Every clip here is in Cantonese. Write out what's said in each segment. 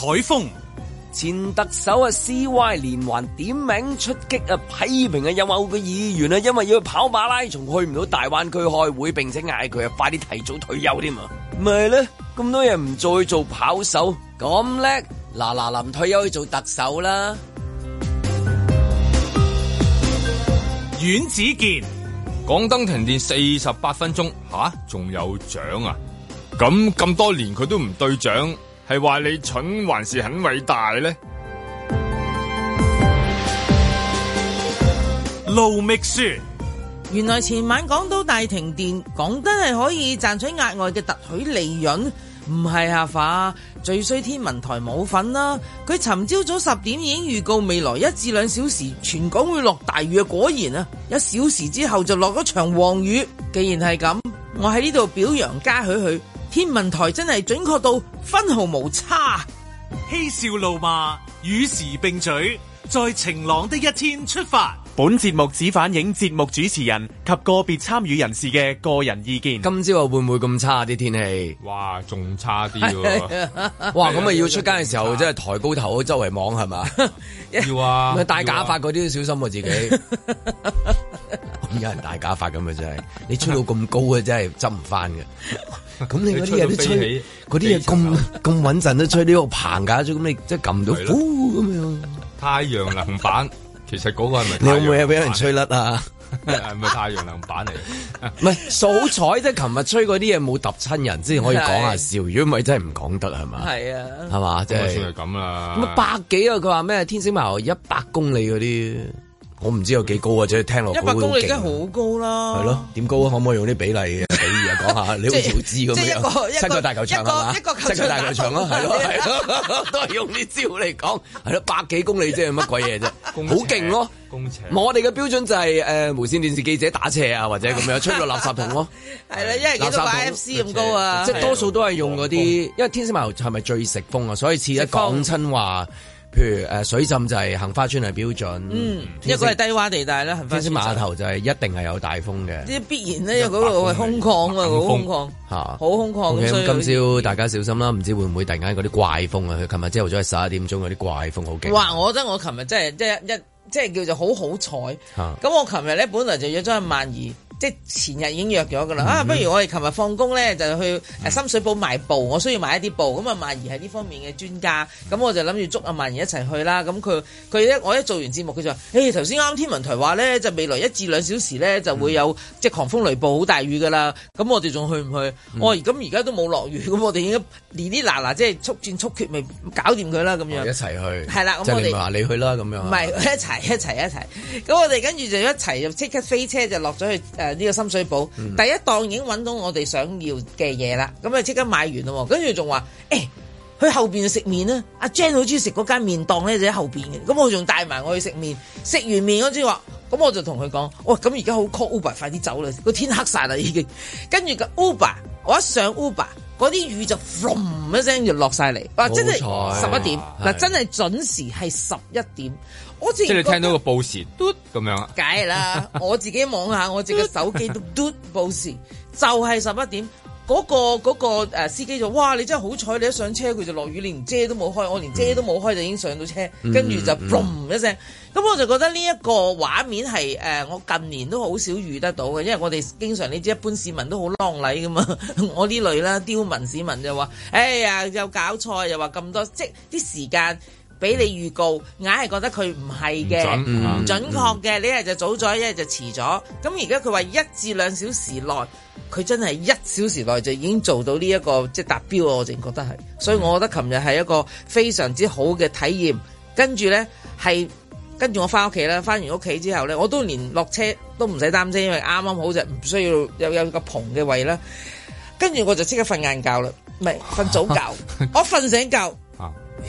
台風海前特首啊，C Y 連環點名出擊啊，批評啊有某個議員啊，因為要去跑馬拉，仲去唔到大灣區開會，並且嗌佢啊快啲提早退休添啊，咪咧咁多人唔再做跑手咁叻，嗱嗱臨退休去做特首啦。阮子健，港燈停電四十八分鐘，吓仲有獎啊？咁咁、啊、多年佢都唔對獎。係話你蠢還是很偉大呢？盧秘書，原來前晚港島大停電，講得係可以賺取額外嘅特許利潤，唔係合法，最衰天文台冇份啦、啊。佢尋朝早十點已經預告未來一至兩小時全港會落大雨啊！果然啊，一小時之後就落咗場黃雨。既然係咁，我喺呢度表揚嘉許佢。天文台真係準確到分毫無差，嬉笑怒罵與時並舉，在晴朗的一天出發。本節目只反映節目主持人及個別參與人士嘅個人意見。今朝啊會唔會咁差啲天氣？哇，仲差啲喎、啊！ 哇，咁啊要出街嘅時候，真係抬高頭，周圍望係嘛？ 要啊！ 咪戴假髮嗰啲小心喎、啊，自己。有 人大假髮咁啊，真係你吹到咁高啊，真係執唔翻嘅。咁你嗰啲嘢都吹，嗰啲嘢咁咁穩陣都吹呢個棚架咗，咁你即係撳到咁樣。太陽能板其實嗰個係咪？你有冇俾人吹甩啊？係咪 太陽能板嚟？唔係 好彩啫，琴日吹嗰啲嘢冇揼親人，先可以講下笑。如果唔係真係唔講得係嘛？係啊，係嘛的？即係、就是、算係咁啦。咁啊，百幾啊？佢話咩？天星碼頭一百公里嗰啲。我唔知有幾高或即係聽落去都好勁。一百公里好高啦。係咯，點高啊？可唔可以用啲比例、比喻嚟講下？你好似會知咁樣啊？即係七個大球場啊嘛？七個大球場囉，係咯，係咯，都係用啲招嚟講。係咯，百幾公里即係乜鬼嘢啫？好勁咯！我哋嘅標準就係誒無線電視記者打斜啊，或者咁樣出個垃圾桶咯。係啦，因為幾多 I F C 咁高啊？即係多數都係用嗰啲，因為天使麻油係咪最食風啊？所以似得講親話。譬如誒水浸就係杏花村係標準，嗯，一個係低洼地帶啦。杏花村碼頭就係一定係有大風嘅，啲必然咧，因為嗰個係空曠啊，好空曠嚇，好空曠。今朝大家小心啦，唔知會唔會突然間嗰啲怪風啊？佢琴日朝頭早十一點鐘嗰啲怪風好勁。哇！我覺得我琴日真係即係一即係叫做好好彩。咁我琴日咧本來就約咗阿萬兒。即係前日已經約咗㗎啦，啊，不如我哋琴日放工咧就去誒深水埗買布，我需要買一啲布，咁啊曼怡係呢方面嘅專家，咁我就諗住捉阿曼怡一齊去啦。咁佢佢咧我一做完節目，佢就話：誒頭先啱天文台話咧，就未來一至兩小時咧就會有即係狂風雷暴、好大雨㗎啦。咁我哋仲去唔去？我咁而家都冇落雨，咁我哋而家呢啲嗱嗱即係速戰速決咪搞掂佢啦咁樣。一齊去係啦，咁我哋話你，你去啦咁樣。唔係一齊一齊一齊，咁我哋跟住就一齊又即刻飛車就落咗去、呃呢個深水埗、嗯、第一檔已經揾到我哋想要嘅嘢啦，咁啊即刻買完喎。跟住仲話：誒、哎，去後邊食麵啦！阿、啊、Jan 好中意食嗰間麵檔咧，就喺後面嘅。咁我仲帶埋我去食麵，食完麵嗰陣話，咁我就同佢講：，哇，咁而家好 call Uber，快啲走啦，個天黑晒啦已經。跟住個 Uber，我一上 Uber，嗰啲雨就轟一聲就落晒嚟。冇錯，哇！真係十一點，嗱，真係準時係十一點。我即係你聽到、嗰個報時咁樣啊？梗係啦，我自己望下我自己手機都報時，就係十一點。嗰、嗰個嗰、嗰個、司機就哇，你真係好彩，你一上車佢就落雨，你連遮都冇開，我連遮都冇開就已經上到車，跟住、嗯、就 boom、嗯嗯、一聲。咁我就覺得呢一個畫面係誒、呃，我近年都好少遇得到嘅，因為我哋經常你知一般市民都好浪禮噶嘛，我呢類啦刁民市民就話：哎呀，又搞錯，又話咁多，即啲時間。俾你預告，硬係覺得佢唔係嘅，唔準，準確嘅，一係就早咗，一係就遲咗。咁而家佢話一至兩小時內，佢真係一小時內就已經做到呢一個即係達標啊！我淨覺得係，所以我覺得琴日係一個非常之好嘅體驗。跟住呢，係跟住我翻屋企啦，翻完屋企之後呢，我都連落車都唔使擔心，因為啱啱好就唔需要有有個棚嘅位啦。跟住我就即刻瞓晏覺啦，唔係瞓早覺， 我瞓醒覺。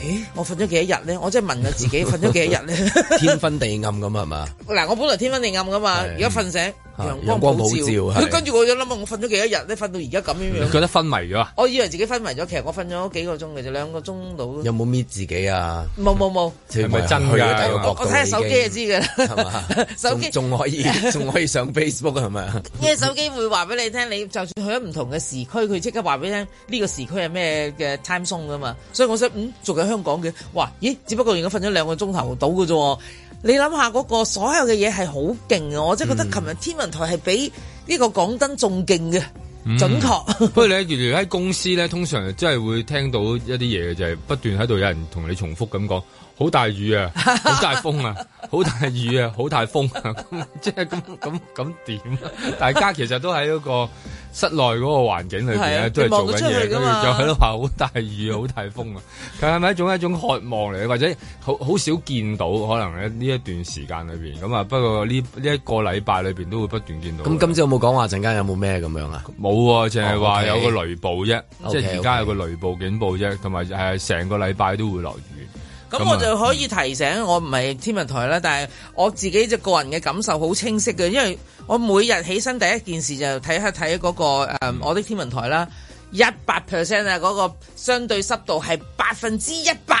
咦，我瞓咗幾日呢？我真係問下自己，瞓咗幾日呢？ 天昏地暗咁係嘛？嗱，我本來天昏地暗㗎嘛，而家瞓醒。陽光普照，佢跟住我就諗我瞓咗幾多日咧，瞓到而家咁樣樣、嗯。覺得昏迷咗？我以為自己昏迷咗，其實我瞓咗幾個鐘嘅啫，兩個鐘度。有冇搣自己啊？冇冇冇。係咪真噶？我睇下手機就知噶啦。手機仲吧機可以仲可以上 Facebook 係咪？即係手機會話俾你聽，你就算去咗唔同嘅時區，佢即刻話俾你聽呢、這個時區係咩嘅 time zone 噶嘛。所以我想，嗯，仲有香港嘅，哇，咦？只不過而家瞓咗兩個鐘頭到嘅啫。你諗下嗰個所有嘅嘢係好勁啊！我真係覺得琴日天，天文台係比呢個講燈仲勁嘅，嗯、準確確、嗯。不過你喺公司咧， 通常真係會聽到一啲嘢，嘅，就係、是、不斷喺度有人同你重複咁講。好大雨啊！好大風啊！好大雨啊！好大風啊！即係咁咁咁點啊？大家其實都喺嗰個室內嗰個環境裏邊咧，的都係做緊嘢。跟住就喺度話好大雨啊！好大風啊！佢係咪一種一種渴望嚟？或者好好少見到，可能喺呢一段時間裏邊咁啊。不過呢呢一個禮拜裏邊都會不斷見到。咁今朝有冇講話陣間有冇咩咁樣啊？冇啊，淨係話有個雷暴啫，哦 okay、即係而家有個雷暴警報啫，同埋係成個禮拜都會落雨。咁我就可以提醒、嗯、我唔係天文台啦，但係我自己就個人嘅感受好清晰嘅，因為我每日起身第一件事就睇下睇嗰個、嗯、我的天文台啦，一百 percent 啊，嗰、嗰個相對濕度係百分之一百，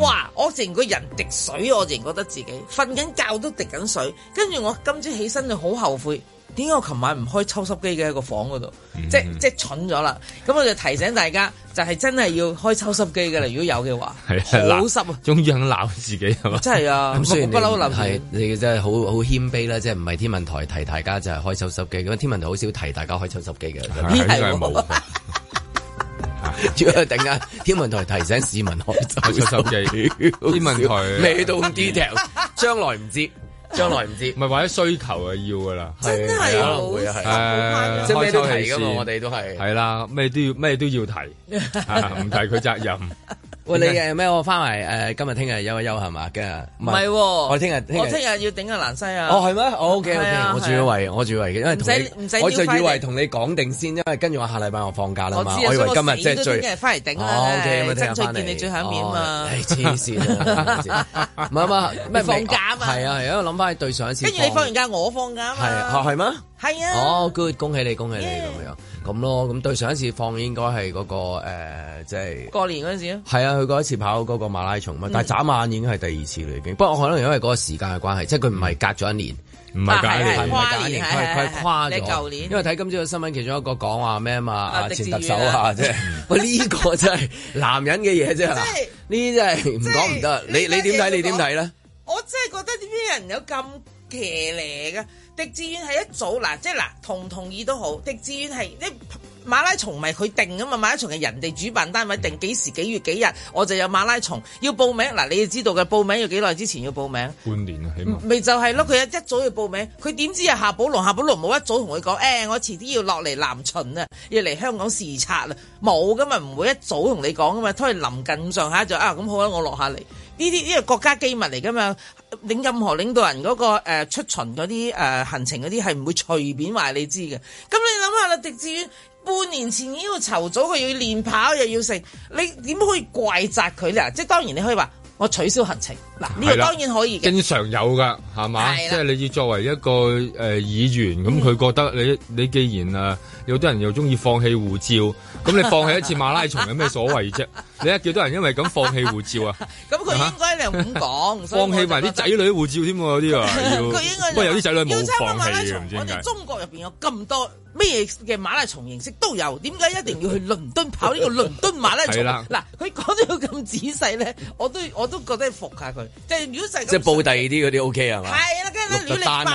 哇！嗯、我成個人滴水，我成覺得自己瞓緊覺都滴緊水，跟住我今朝起身就好後悔。點解我琴晚唔開抽濕機嘅喺個房嗰度？即即蠢咗啦！咁我就提醒大家，就係真係要開抽濕機噶啦。如果有嘅話，好濕啊！仲要鬧自己係嘛？真係啊！咁所以你係你真係好好謙卑啦！即係唔係天文台提大家就係開抽濕機。咁天文台好少提大家開抽濕機嘅。呢個冇嘅。啊！仲有天文台提醒市民開抽濕機。天文台未到咁 detail，將來唔知。將來唔知， 唔係話啲需求啊要噶啦，真係可能會啊，開收是、呃、提噶嘛，啊、我哋都係，係啦、啊，咩都要咩都要提，唔、 啊、提佢責任。 喂，你嘅咩？我翻埋誒，今日聽日休一休係嘛？今日唔係，我聽日聽日要頂阿蘭西啊！哦，係咩？我 OK，我聽我仲以為，我仲以為，因為同你，我就以為同你講定先，因為跟住我下禮拜我放假啦嘛，我以為今日即係最嘅翻嚟頂啦，O K，我爭取見你最後一面嘛，黐線，唔係唔係咩放假嘛？係啊係，因為諗翻起對上一次，跟住你放完假我放假啊嘛，係嗎？係啊，哦，good，恭喜你，恭喜你咁樣。咁咯，咁對上一次放應該係嗰個即係過年嗰陣時啊，係啊，去過一次跑嗰個馬拉松嘛，但係眨眼已經係第二次嚟嘅。不過我可能因為嗰個時間嘅關係，即係佢唔係隔咗一年，唔係隔一年，係咪隔一年？佢佢跨咗，因為睇今朝嘅新聞，其中一個講話咩啊嘛，前特首啊，即係，喂呢個真係男人嘅嘢啫，呢啲真係唔講唔得。你你點睇？你點睇咧？我真係覺得啲人有咁騎呢嘅？狄志遠係一早嗱，即係嗱，同唔同意都好，狄志遠係你馬拉松咪佢定噶嘛，馬拉松係人哋主辦單位、嗯、定幾時幾月幾日，我就有馬拉松要報名嗱，你要知道嘅報名要幾耐之前要報名，半年啊起碼，咪就係、是、咯，佢一早要報名，佢點、嗯、知啊夏寶龍夏寶龍冇一早同佢講，誒、哎、我遲啲要落嚟南巡啊，要嚟香港視察啊，冇噶嘛，唔會一早同你講噶嘛，拖嚟臨近上下就，啊咁好啦，我落下嚟。呢啲呢個國家機密嚟㗎嘛，領任何領導人嗰、嗰個、呃、出巡嗰啲誒行程嗰啲係唔會隨便話你知嘅。咁、嗯嗯、你諗下啦，直至於半年前已經要籌早，佢要練跑又要食，你點可以怪責佢咧？即係當然你可以話。我取消行程，嗱呢個當然可以嘅，經常有噶，係嘛？即係你要作為一個誒議員，咁佢覺得你你既然啊有啲人又中意放棄護照，咁你放棄一次馬拉松有咩所謂啫？你睇幾多人因為咁放棄護照啊？咁佢應該你唔講，放棄埋啲仔女護照添，有啲話要，不過有啲仔女冇放棄。要參加馬拉松，我哋中國入邊有咁多。咩嘅馬拉松形式都有，點解一定要去倫敦跑呢個倫敦馬拉松？嗱，佢講到咁仔細咧，我都我都覺得服下佢。即係如果成即係報第二啲嗰啲 OK 係嘛？係啦，跟住亂嚟扮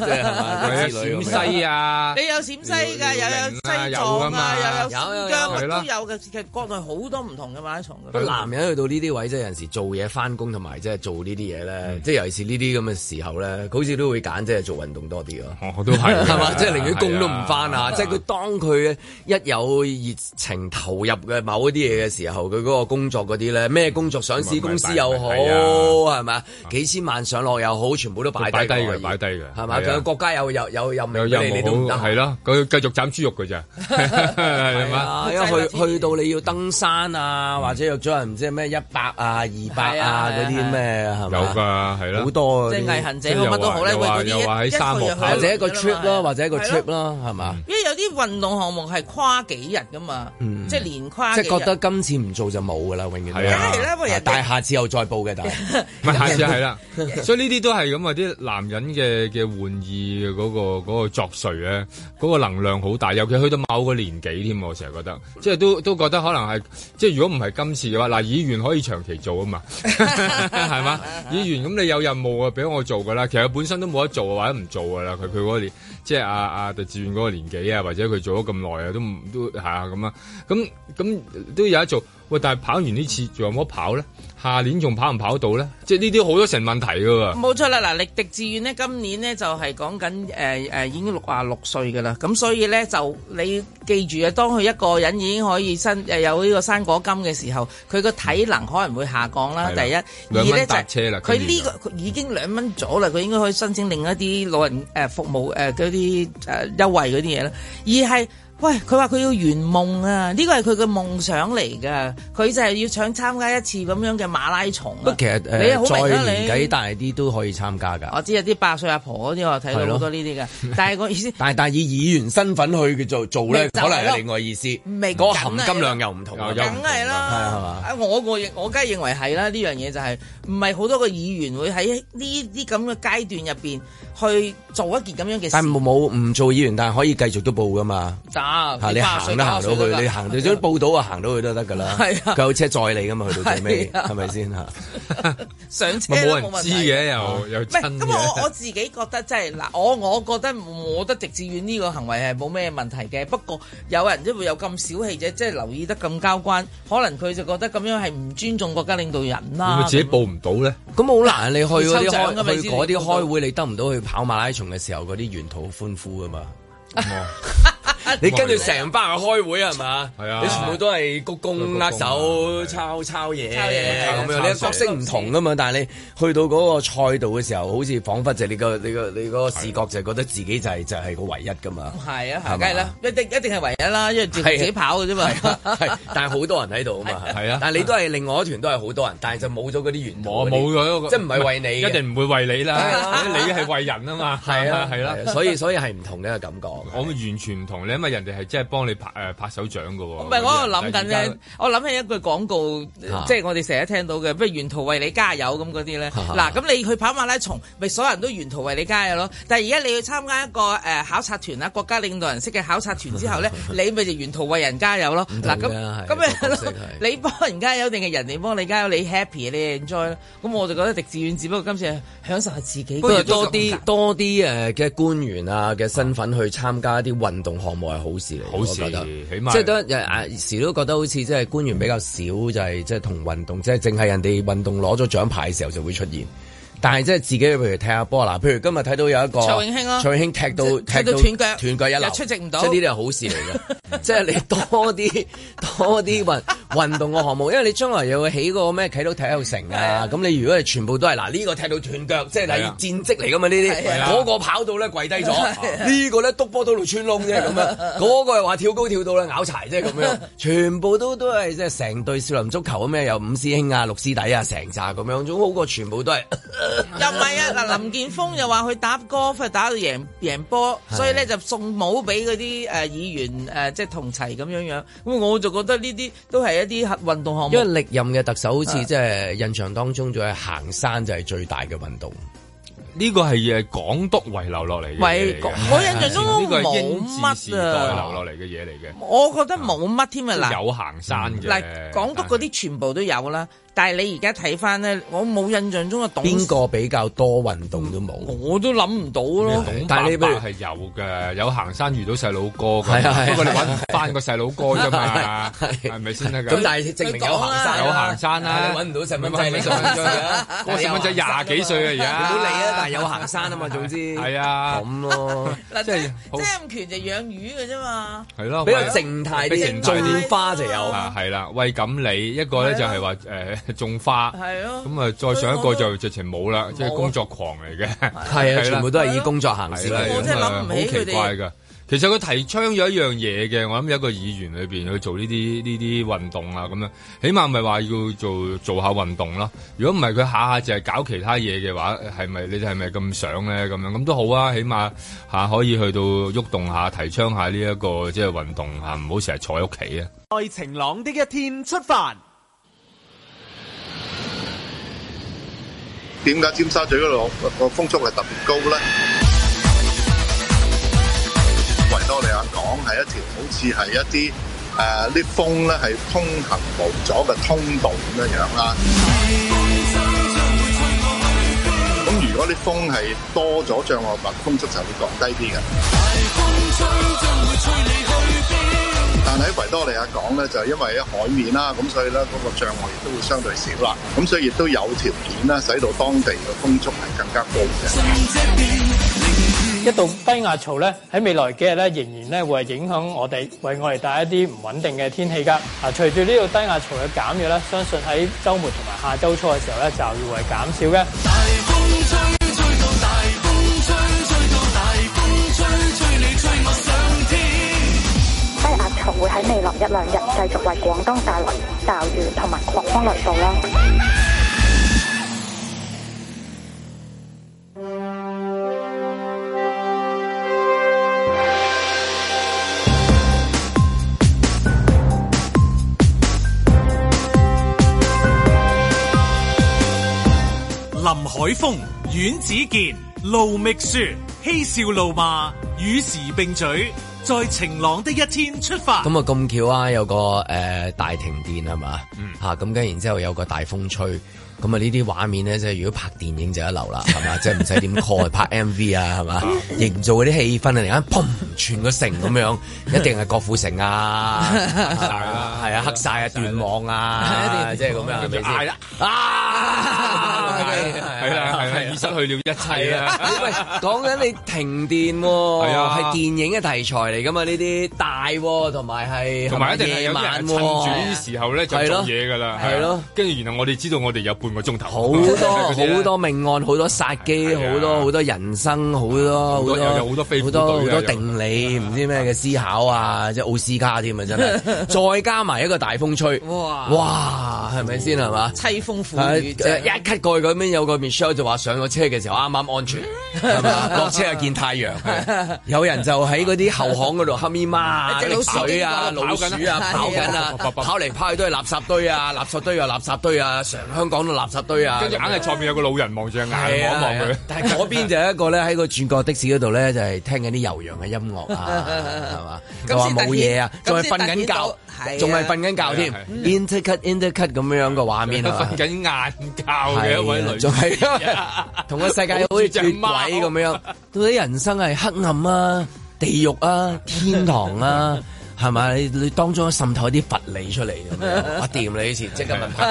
曬，即係西啊，你有陝西㗎，又有西藏啊，又有新疆都有嘅，其實國內好多唔同嘅馬拉松。男人去到呢啲位，即係有時做嘢翻工同埋即係做呢啲嘢咧，即係尤其是呢啲咁嘅時候咧，佢好似都會揀即係做運動多啲㗎。我我都係係嘛，即係寧願都唔翻啊！即係佢當佢一有熱情投入嘅某一啲嘢嘅時候，佢嗰個工作嗰啲咧，咩工作上市公司又好，係咪啊？幾千萬上落又好，全部都擺低。擺低嘅，擺低嘅，係咪啊？佢國家有有有任命你都得，係咯。佢繼續斬豬肉㗎咋。係嘛？因為去去到你要登山啊，或者約咗人唔知咩一百啊、二百啊嗰啲咩，係嘛？有㗎，係好多。即係毅行者，乜都好咧。佢嗰啲一一個或者一個 trip 咯，或者一個 trip 咯。係嘛？因為有啲運動項目係跨幾日噶嘛，嗯、即係連跨幾。即係覺得今次唔做就冇噶啦，永遠梗係啦，係啊、但大下次又再報嘅， 但係唔係下次係啦。所以呢啲都係咁啊，啲男人嘅嘅玩意嗰、嗰個、嗰個作祟咧，嗰、嗰個能量好大，尤其去到某個年紀添，我成日覺得，即係都都覺得可能係，即係如果唔係今次嘅話，嗱，議員可以長期做啊嘛，係嘛？議員咁你有任務啊，俾我做噶啦。其實本身都冇得做或者唔做噶啦，佢佢嗰年即係阿阿。啊自願嗰個年紀啊，或者佢做咗咁耐啊，都唔都係啊咁啊，咁咁都有得做。喂，但係跑完呢次仲有冇得跑咧？下年仲跑唔跑到咧？即係呢啲好多成問題噶喎、啊。冇錯啦，嗱，力迪志願呢今年呢就係講緊誒誒已經六啊六歲噶啦，咁所以咧就你記住啊，當佢一個人已經可以申有呢個生果金嘅時候，佢個體能可能會下降啦。嗯、第一，兩蚊搭車啦，佢呢、呢個已經兩蚊咗啦，佢應該可以申請另一啲老人服務誒嗰啲誒優惠嗰啲嘢啦。而係。喂，佢話佢要圓夢啊！呢、這個係佢嘅夢想嚟噶，佢就係要想參加一次咁樣嘅馬拉松，啊。不過其實你好明啦，啊，你年紀大啲都可以參加噶。我知有啲八十歲阿婆嗰啲我睇到好多呢啲嘅。的但係個意思， 但係但係以議員身份去做做咧，可能係另外意思。嗰個含金量又唔同。梗係啦，係嘛吧？我個我梗係認為係啦，呢樣嘢就係唔係好多個議員會喺呢啲咁嘅階段入面去做一件咁樣嘅事。但係冇唔做議員，但係可以繼續都報噶嘛。啊！你行都行到去，你行到想報到啊，行到去都得噶啦。係啊，佢有車載你噶嘛，去到最尾？係咪先吓？上車冇人知嘅又又唔係。咁我我自己覺得，即係嗱，我我覺得冇得直接院呢個行為係冇咩問題嘅。不過有人都會有咁小氣者，即係留意得咁交關，可能佢就覺得咁樣係唔尊重國家領導人啦。佢自己報唔到咧？咁好難你去。你去嗰啲開會，你得唔到去跑馬拉松嘅時候，嗰啲沿途歡呼噶嘛。你跟住成班去開會係嘛？係啊！你全部都係鞠躬握手、抄抄嘢咁樣，你角色唔同噶嘛。但係你去到嗰個賽道嘅時候，好似彷彿就係你個、你個你個視覺就係覺得自己就係就係個唯一噶嘛。係啊，係咪？梗係啦，一定一定係唯一啦，因為自己跑嘅啫嘛。但係好多人喺度啊嘛。係啊，但係你都係另外一團，都係好多人，但係就冇咗嗰啲元素。冇冇咗，即唔係為你？一定唔會為你啦，你係為人啊嘛。係啊，係啦，所以所以係唔同嘅一個感覺。我完全唔同呢。人哋係真係幫你拍誒拍手掌噶喎。係我喺度諗緊咧，我諗起一句廣告，即係我哋成日聽到嘅，不如沿途為你加油咁啲咧。嗱，咁你去跑馬拉松，咪所有人都沿途為你加油咯。但係而家你要參加一個誒考察團啊，國家領導人式嘅考察團之後咧，你咪就沿途為人加油咯。嗱，咁咁咪你幫人加油定係人哋幫你加油？你 happy，你 enjoy 咯。咁我就覺得，狄志遠只不過今次係享受下自己。不如多啲多啲誒嘅官員啊嘅身份去參加一啲運動項目。係好事嚟，好事我覺得，起碼即係當時都覺得好似即係官員比較少，就係即係同運動，即係淨係人哋運動攞咗獎牌嘅時候就會出現。但係即係自己，譬如踢下波嗱，譬如今日睇到有一個，蔡永興啊，蔡永興踢到踢到斷腳，斷腳一流，出席唔到，即呢啲係好事嚟嘅，即係你多啲多啲運運動嘅項目，因為你將來又要起個咩體到體育城啊，咁你如果係全部都係嗱呢個踢到斷腳，即係例如戰績嚟噶嘛呢啲，嗰個跑到咧跪低咗，呢個咧督波到路穿窿啫咁樣，嗰個又話跳高跳到咧拗柴啫咁樣，全部都都係即係成隊少林足球咁樣，有五師兄啊、六師弟啊，成扎咁樣，總好過全部都係。 又唔係啊！嗱，林健鋒又話佢打哥爾夫打到贏贏波，所以咧就送帽俾嗰啲誒議員誒、呃，即係同齊咁樣樣。咁我就覺得呢啲都係一啲運動項目。因為歷任嘅特首好似即係印象當中，仲係行山就係最大嘅運動。呢的個係誒港督遺留落嚟嘅。喂的我印象中都冇乜啊，遺留落嚟嘅嘢嚟嘅。我覺得冇乜添啊，的有行山嘅。嗱、嗯，港督嗰啲全部都有啦。但係你而家睇翻咧，我冇印象中嘅。邊個比較多運動都冇？我都諗唔到咯。但係你咪係有嘅，有行山遇到細佬哥，不過你揾唔翻個細佬哥啫嘛，係咪先得㗎？咁但係證明有行山啦，揾唔到細蚊仔咪算咗啦。哥細蚊仔廿幾歲啊，而家唔好理啦，但係有行山啊嘛，總之係啊，咁咯，即係即係伍權就養魚嘅啫嘛，係咯，比較靜態啲，種點花就有啊，係啦，喂錦鯉一個咧就係話誒。種花係咯，咁啊再上一個就直情冇啦，即係工作狂嚟嘅，係啊，啊啊全部都係以工作行事啦。咁好奇怪噶。們其實佢提倡咗一樣嘢嘅，我諗有一個議員裏邊去做呢啲呢啲運動啊，咁樣起碼咪話要做，做下運動啦。如果唔係佢下下淨係搞其他嘢嘅話，係咪你哋係咪咁想咧？咁樣咁都好啊，起碼吓可以去到喐動下，提倡下呢一個即係運動啊，唔好成日坐喺屋企啊。在晴朗的一天出發。點解尖沙咀嗰度個風速係特別高咧？維多利亞港係一條好似係一啲誒啲風咧係通行無阻嘅通道咁樣樣啦。咁如果啲風係多咗障礙物，風速就會降低啲嘅。大風吹但喺維多利亞港咧，就係、是、因為喺海面啦，咁所以咧嗰個障礙亦都會相對少啦，咁所以亦都有條件啦，使到當地嘅風速係更加高嘅。一道低壓槽咧喺未來幾日咧仍然咧會係影響我哋，為我哋帶一啲唔穩定嘅天氣噶。啊，隨住呢度低壓槽嘅減弱咧，相信喺周末同埋下周初嘅時候咧，驟雨會減少嘅。仲會喺未來一兩日繼續為廣東帶來驟雨同埋狂風雷暴啦！林海峰、阮子健、盧覓雪嬉笑怒罵，與時並嘴。在晴朗的一天出發。咁啊咁巧啊，有個誒大停電係嘛？吓，咁跟然之後有個大風吹，咁啊呢啲畫面咧，即係如果拍電影就一流啦，係嘛？即係唔使點蓋拍 M V 啊，係嘛？營造啲氣氛啊，突然間砰，全個城咁樣一定係郭富城啊，係啊，黑晒啊，斷網啊，一定係即係咁樣係啦啊，係啦，係啦。失去了一切啊！喂，講緊你停電喎，係啊，係電影嘅題材嚟㗎嘛？呢啲大同埋係夜晚，趁住呢啲時候咧就做嘢㗎啦，係咯。跟住然後我哋知道我哋有半個鐘頭好多好多命案，好多殺機，好多好多人生，好多好多好多好多定理，唔知咩嘅思考啊！即奧斯卡添啊，真係再加埋一個大風吹，哇哇，係咪先係嘛？凄風苦雨一咳過去咁樣，有個 Michelle 就話想。落車嘅時候啱啱安全，係嘛？落車又見太陽，有人就喺嗰啲後巷嗰度黑咪媽，捉水啊、老鼠啊、跑緊啊、跑嚟跑去都係垃圾堆啊、垃圾堆啊、垃圾堆啊，成香港都垃圾堆啊，硬係坐面有個老人望住眼望一望佢。但係嗰邊就一個咧喺個轉角的士嗰度咧就係聽緊啲悠揚嘅音樂啊，係嘛？佢話冇嘢啊，又係瞓緊覺。仲係瞓緊覺添、啊啊啊、intercut intercut 咁樣嘅個畫面啊！瞓緊晏覺嘅一位女，仲係同個世界好似轉位咁樣，到底人生係黑暗啊、地獄啊、天堂啊。 係咪你當中滲透一啲佛理出嚟？我掂你以前即刻問拍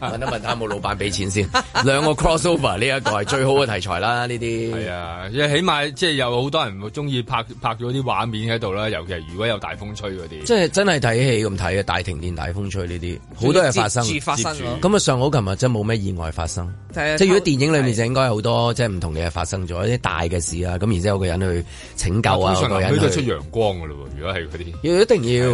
問一問睇有冇老闆俾錢先。兩個 crossover 呢一個係最好嘅題材啦，呢啲係啊，即係起碼即係有好多人會中意拍拍咗啲畫面喺度啦。尤其係如果有大風吹嗰啲，即係真係睇戲咁睇嘅大停電、大風吹呢啲好多嘢發生，發生咁啊！上好琴日真係冇咩意外發生，即係如果電影裏面就應該有好多即係唔同嘅嘢發生咗，一啲大嘅事啊，咁然之後有個人去拯救啊，個人出陽光㗎咯。如果係啲，一定要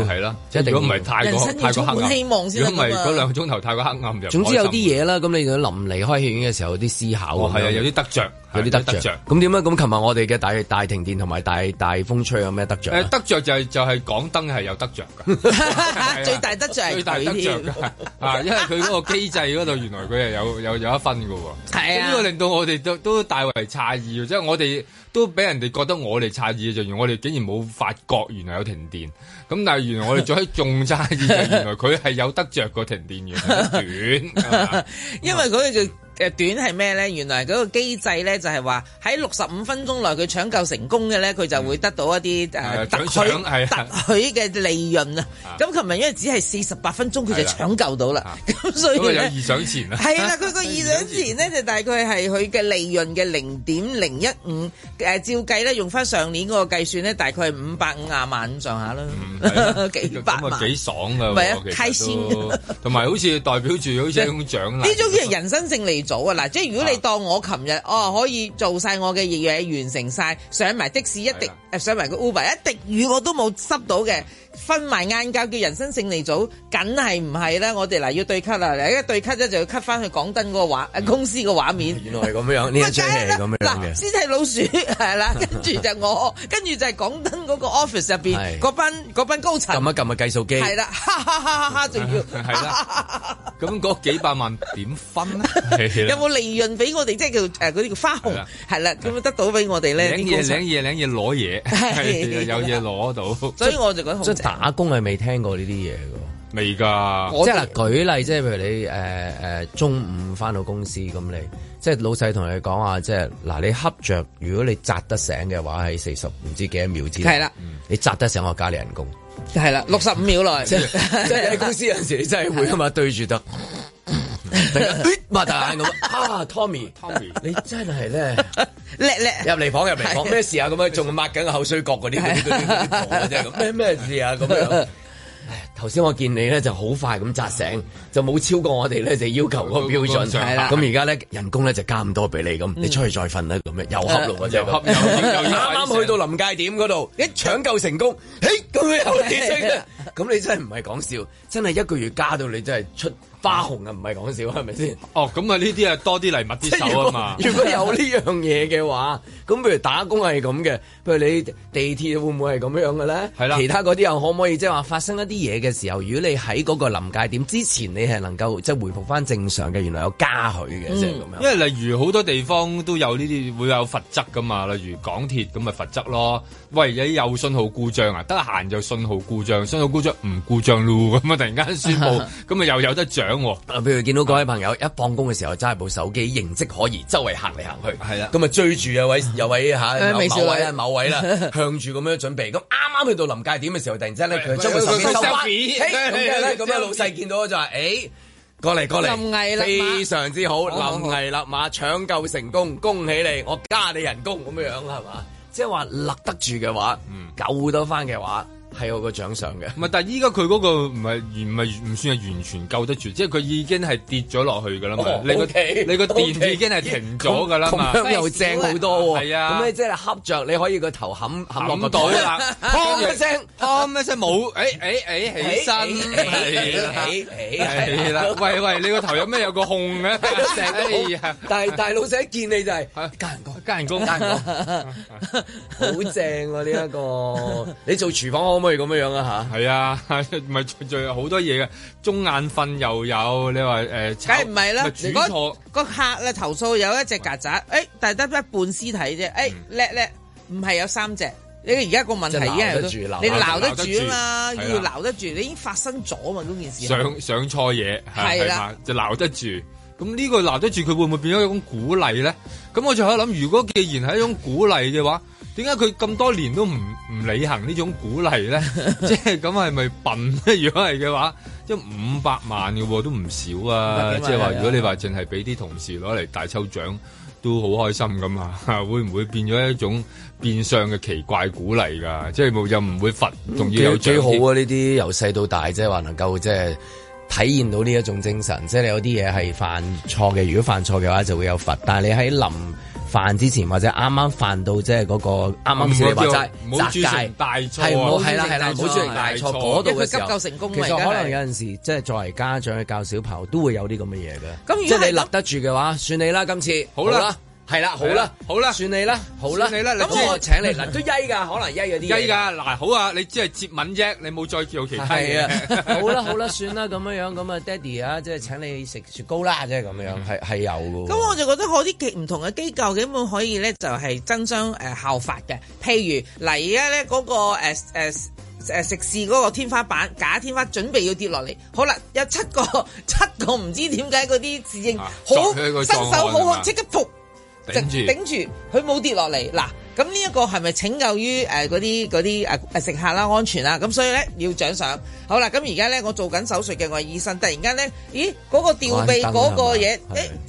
係啦，如果唔係太過太過黑暗，希望先，如果唔係嗰兩個鐘頭太過黑暗，總之有啲嘢啦。咁你到臨離開戲院嘅時候，有啲思考，係啊，有啲得着，有啲得着。咁點樣？咁琴日我哋嘅大大停電同埋大大風吹有咩得着？得着就係就係港燈係有得着噶，最大得着，最大得着因為佢嗰個機制嗰度原來佢係有有一分噶喎，係啊，呢個令到我哋都都大為詫異，即係我哋。都俾人哋覺得我哋差異，就原我哋竟然冇發覺原來有停電，咁但係原來我哋再仲差，就原來佢係有得着個停電員，因為佢就。 短係咩咧？原來嗰個機制咧就係話喺六十五分鐘內佢搶救成功嘅咧，佢就會得到一啲誒特許特許嘅利潤啊！咁琴日因為只係四十八分鐘佢就搶救到啦，咁所以佢都有二獎錢啊！係啦，佢個二獎錢咧就大概係佢嘅利潤嘅零點零一五誒，照計咧用翻上年嗰個計算咧，大概係五百五廿萬咁上下啦，幾百萬幾爽㗎，唔係啊，同埋好似代表住好似一呢種係人生性嚟。到啊！嗱，即係如果你當我琴日，啊、哦，可以做曬我嘅嘢，完成曬，上埋的士一滴，是的 呃、上埋個 Uber 一滴雨我都冇濕到嘅。分埋晏教叫人生勝利組，梗係唔係啦？我哋嗱，要對咳啦，一對咳咧就要咳翻去港燈嗰個畫，公司個畫面。原來係咁樣，呢一出戲咁樣嘅。嗱，先係老鼠啦，跟住就我，跟住就係港燈嗰個 office 入邊嗰班班高層。撳一撳嘅計數機。係啦，哈哈哈！仲要係啦，咁嗰幾百萬點分，有冇利潤俾我哋？即係叫做啲叫花紅係啦。咁得到俾我哋咧？領嘢，領嘢，領嘢攞嘢，有嘢攞到。所以我就覺得好。打工係未聽過呢啲嘢㗎，未㗎的。即係嗱，舉例即係譬如你誒誒、呃，中午返到公司咁你，即係老細同你講話，即係嗱，你恰着，如果你扎得醒嘅話，喺四十唔知幾多秒之內，係啦了，你扎得醒我加你人工，係啦，六十五秒內，即係喺公司有陣時，你真係會㗎嘛了，對住得。擘大眼咁，啊，Tommy，Tommy，Tommy。你真係咧叻叻入嚟房入嚟房咩的事啊？咁樣仲抹緊個口水角嗰啲，嗰啲嗰啲傻嘅啫，咩咩 事啊？咁樣。 頭先我見你咧就好快咁扎醒，就冇超過我哋咧就要求個標準，係啦。咁而家咧人工咧就加咁多俾你，咁、嗯、你出去再瞓咧咁啊又合路嗰隻，又合又啱啱去到臨界點嗰度，一搶救成功，嘿咁佢又跌升啦。咁 你真係唔係講笑？真係一個月加到你真係出花紅啊！唔係講笑係咪先？哦，咁啊呢啲啊多啲禮物接手啊嘛。 如果有呢樣嘢嘅話，咁譬如打工係咁嘅，譬如你地鐵會唔會係咁樣嘅咧？係啦的，其他嗰啲人可唔可以即係話發生一啲嘢嘅？嘅時候，如果你喺嗰個臨界點之前，你係能夠即係、就是、回復翻正常嘅，原來有加許嘅，即係咁樣。因為例如好多地方都有呢啲會有罰則噶嘛，例如港鐵咁咪罰則咯。喂，有啲有信號故障啊，得閒就信號故障，信號故障唔故障咯，咁啊突然間宣布，咁啊 又有得獎，啊。嗱，譬如見到各位朋友一放工嘅時候，揸部手機，形跡可疑，周圍行嚟行去，係啦的，咁啊追住有位有位嚇 某位啊某位啦，位位 向住咁樣準備，咁啱啱去到臨界點嘅時候，突然之間佢將的部手機咁咧，咁啊 Hey,， 樣樣老細見到就話，誒、欸，過嚟過嚟，非常之好，臨危立馬搶好救成功，恭喜你，我加你人工咁樣樣，係嘛？即係話勒得住嘅話，救得翻嘅話。係我個獎賞嘅，唔係，但係依家佢嗰個唔係唔係唔算係完全救得住，即係佢已經係跌咗落去噶啦嘛。你個你個電已經係停咗噶啦嘛。咁又正好多喎。係啊，咁你即係恰着，你可以個頭冚冚個到啦。砰一聲，砰一聲冇，誒誒誒，起身，起起起喂喂，你個頭有咩有個空嘅？哎呀，但係大老細一見你就係奸人奸人奸人，好正呢一個。你做廚房。可以咁樣樣啊吓，係啊，咪仲有好多嘢嘅，中眼瞓又有，你話誒，梗唔係啦。如果個客咧投訴有一隻曱甴，誒，但係得一半屍體啫，誒，叻叻，唔係有三隻。你而家個問題已經係撈得住喇，你撈得住啊嘛，要撈得住，你已經發生咗嘛嗰件事。想想錯嘢係啦，就撈得住。咁呢個撈得住，佢會唔會變咗一種鼓勵咧？咁我就喺度諗，如果既然係一種鼓勵嘅話。點解佢咁多年都唔唔履行呢種鼓勵咧？即係咁係咪笨咧？如果係嘅話，即係五百萬嘅喎，啊，都唔少啊！即係話如果你話淨係俾啲同事攞嚟大抽獎，都好開心咁啊！ 會唔會變咗一種變相嘅奇怪鼓勵噶？即係冇 又唔會罰，仲要有最好啊！呢啲由細到大，即係話能夠即係。就是體現到呢一種精神，即係你有啲嘢係犯錯嘅。如果犯錯嘅話，就會有罰。但係你喺臨犯之前或者啱啱犯到啱啱，即係嗰個啱啱先你話齋，唔好注重大，啊、大錯，係啦係啦，唔好注重大錯嗰度。佢急救成功嘅其實可能有陣時，即係是作為家長去教小朋友，都會有啲咁嘅嘢嘅。即係如你立得住嘅話，算你啦，今次好啦。好啦。係啦，好啦，好啦，算你啦，好啦，你啦，咁我請你，嗱我都曳噶，可能曳嗰啲曳噶，嗱好啊，你只係接吻啫，你冇再叫其他嘢的。 好啦，好啦，算啦，咁樣樣，咁啊，爹哋啊，即係請你食雪糕啦，即係咁樣，係係有嘅。咁我就覺得，我啲極唔同嘅機構，根本可以咧，就係爭相誒效法嘅。譬如嚟而家咧嗰個誒誒誒食肆嗰個天花板假天花板準備要跌落嚟，好啦，有七個七個唔知點解嗰啲侍應好新手，好即刻撲。頂住，頂住，佢冇跌落嚟嗱。咁呢一個係咪拯救於誒嗰啲、嗰啲誒食客啦安全啦？咁所以咧要獎賞。好啦，咁而家咧我做緊手術嘅我醫生突然間咧，咦嗰個吊臂嗰個嘢，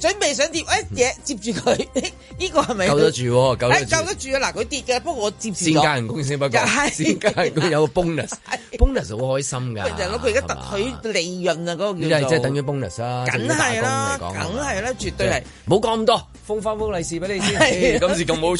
誒準備想跌，誒嘢接住佢，呢個係咪救得住？救得住，嗱佢跌嘅，不過我接住。私家人工先不？加係。私家有 bonus，bonus 好開心噶。佢就攞佢而家特許利潤啊！嗰個叫做。呢個即係等於 bonus 啊！梗係啦，梗係啦，絕對係。冇講咁多，封翻封利是俾你先。今次咁好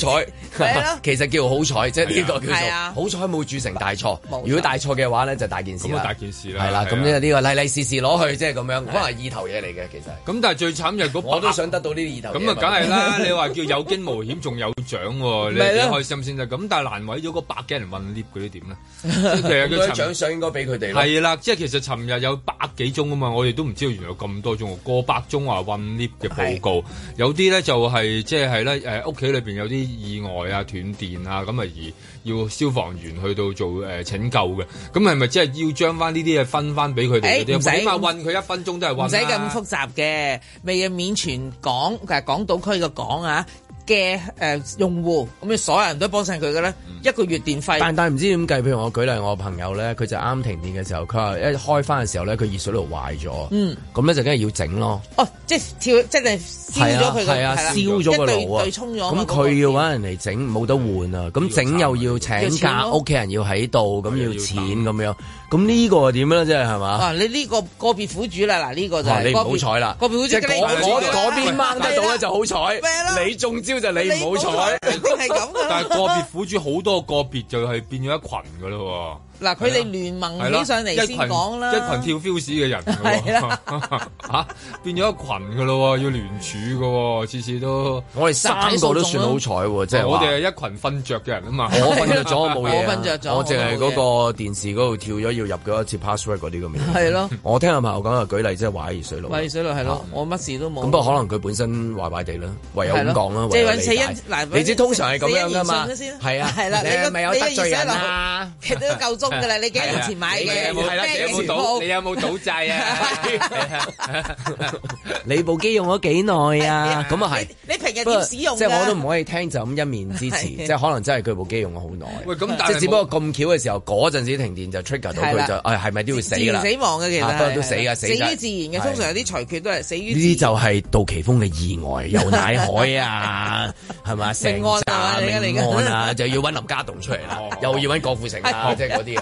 彩。其實叫好彩，即係呢個叫做好彩冇鑄成大錯。如果大錯嘅話咧，就大件事咁啊，大件事啦。係啦，咁呢個呢個利利是是攞去，即係咁樣，可能意頭嘢嚟嘅其實。咁但係最慘就係，我都想得到呢啲意頭咁啊，梗係啦。你話叫有驚無險，仲有獎，你開心先，咁但係難為咗個百幾人揾 lift 嗰啲點咧？其實獎賞應該俾佢哋。係啦，即係其實尋日有百幾宗啊嘛，我哋都唔知道原來有咁多宗，過百宗話揾 lift 嘅報告，有啲咧就係即係咧，誒，屋企裏邊有啲意外啊。斷電啊！咁咪而要消防員去到做誒、呃、拯救嘅，咁係咪即係要將翻呢啲嘢分翻俾佢哋嗰啲？唔使，運佢一分鐘都係運、啊。唔使咁複雜嘅，未有免全港其實港島區嘅港啊！嘅誒用戶，咁你所有人都幫晒佢嘅咧，一個月電費。但但係唔知點計？譬如我舉例，我朋友咧，佢就啱停電嘅時候，佢話一開翻嘅時候咧，佢熱水爐壞咗。嗯，咁咧就梗係要整咯。哦，即係跳，即係燒咗佢啊，個爐啊！對沖咗。咁佢要揾人嚟整，冇得換啊！咁整又要請假，屋企人要喺度，咁要錢咁樣。咁呢個又點啊？即係係嘛？啊！你呢個個別苦主啦，嗱呢個就個好彩啦，個別苦主。即係我我我邊掹得到咧就好彩，你中招。即係你唔好彩，係咁。但係個別苦主，好多個別就係變咗一羣㗎喇。嗱，佢哋聯盟起上嚟先講啦，一群跳 fuse 嘅人，係啦嚇變咗一羣噶咯，要聯署噶，次次都我哋三個都算好彩喎，即係我哋係一群瞓着嘅人啊嘛，我瞓着咗冇嘢，我瞓着咗，我淨係嗰個電視嗰度跳咗要入咗一次 password 嗰啲咁嘅嘢，係咯，我聽阿朋友講啊，舉例即係壞熱水爐，壞熱水爐係咯，我乜事都冇，咁不過可能佢本身壞壞地啦，唯有咁講啦，即係揾死因，難，你知通常係咁樣噶嘛，係啊，你係咪有得罪人啊？其你幾年前買嘅，你有冇賭？你有冇賭債啊？你部機用咗幾耐啊？咁啊係，你平日點使用？即係我都唔可以聽就咁一面之詞，即係可能真係佢部機用咗好耐。咁但係只不過咁巧嘅時候，嗰陣時停電就 trigger 到佢就，誒係咪都要死噶啦？死亡嘅其實，都死噶死。死於自然嘅，通常有啲裁決都係死於呢啲就係杜琪峰嘅意外，由奶海啊，係咪？命案啊，命案啊，就要揾林家棟出嚟啦，又要揾郭富城啊，即係嗰啲。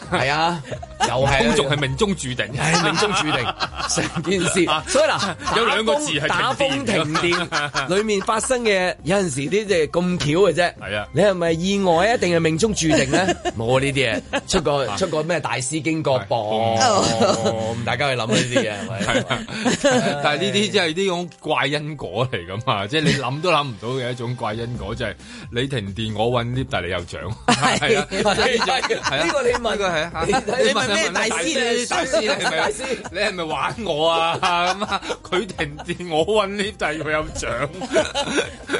係啊，又係，都仲係命中注定，係命中注定，成件事。所以嗱，有兩個字係打風，停電裏面發生嘅有陣時啲即咁巧嘅啫。係啊，你係咪意外一定係命中注定咧？冇呢啲嘢，出個出個咩大師經過噃。大家去諗呢啲嘢，係咪？但係呢啲即係啲咁怪因果嚟噶嘛？即係你諗都諗唔到嘅一種怪因果，就係你停電，我搵啲，但你又漲，係啊，呢個你問佢係。你你係咩大師咧？大師咧係咪大師？你係咪玩我啊？咁啊，佢停電我揾啲第二個有獎。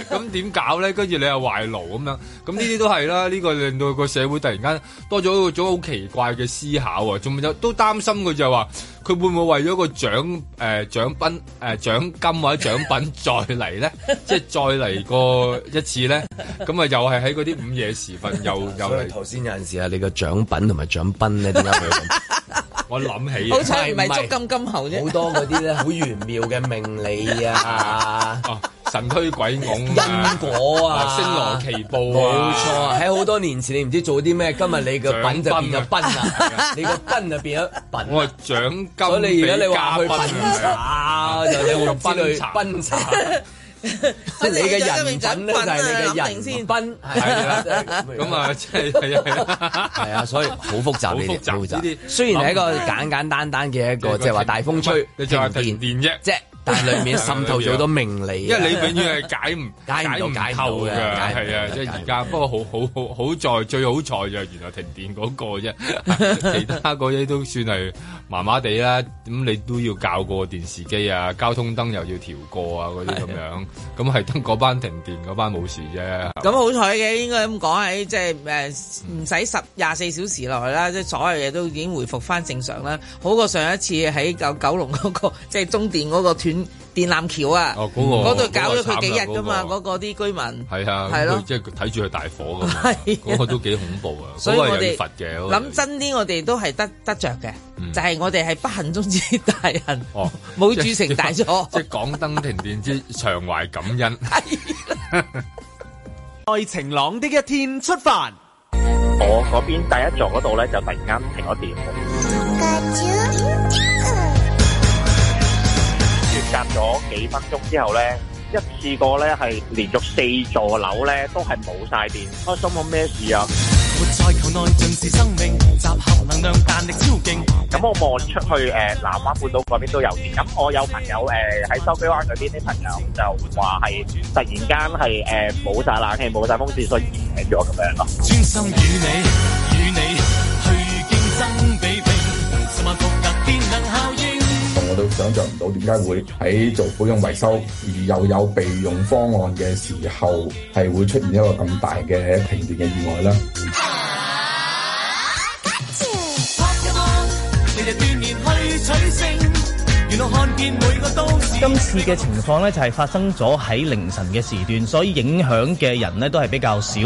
咁點搞咧？跟住你又壞爐咁樣。咁呢啲都係啦。呢、呢個令到個社會突然間多咗一種好奇怪嘅思考，仲有都擔心佢就話。佢會唔會為咗個獎，誒獎賓，誒獎金或者獎品再嚟咧？即係再嚟過一次咧？咁啊又係喺嗰啲午夜時分又又頭先有陣時啊，你個獎品同埋獎賓咧點解會咁？我諗起，好彩唔係足金金猴啫，好多嗰啲咧好玄妙嘅命理啊！神推鬼擁，因果啊，星羅棋布，冇錯喺好多年前，你唔知做啲咩，今日你嘅品就變咗斌啦，你嘅斌就變咗品。我係獎金。你而家你話去奔茶，就你即係你嘅人品咧，就係你嘅人品。係咁啊，即係係啊，係啊，所以好複雜，好複雜。雖然係一個簡簡單單嘅一個，即係話大風吹，你仲話停電啫，即係。但係裡面滲透咗好多名利，因為你永遠係解唔解唔透嘅，係啊！即係而家，不過好好好好在最好在就原來停電嗰個啫，其他嗰啲都算係麻麻地啦。咁你都要校過電視機啊，交通燈又要調過啊，嗰啲咁樣，咁係得嗰班停電嗰班冇事啫。咁好彩嘅，應該咁講喺即係誒唔使十廿四小時落去啦，即係所有嘢都已經恢復翻正常啦，好過上一次喺九九龍嗰個即係中電嗰個斷。電纜橋啊！嗰度搞咗佢幾日噶嘛？嗰個啲居民係啊，係咯，即係睇住佢大火咁，嗰個都幾恐怖啊！所以我哋諗真啲，我哋都係得得着嘅，就係我哋係不幸中之大幸，冇鑄成大錯。即係講登停電之常懷感恩，在晴朗的一天出發。我嗰邊第一座嗰度咧就突然間停咗電。隔咗幾分鐘之後咧，一次過咧係連續四座樓咧都係冇晒電。我心諗，咩事啊？咁我望出去誒，南灣半島嗰邊都有電。咁我有朋友誒喺筲箕灣嗰邊啲朋友就話係突然間係誒冇晒冷氣冇晒風扇，所以停咗咁樣咯。我都想像唔到點解會喺做保養維修而又有備用方案嘅時候，係會出現一個咁大嘅停電嘅意外啦。今次嘅情況呢，就係發生咗喺凌晨嘅時段，所以影響嘅人呢都係比較少。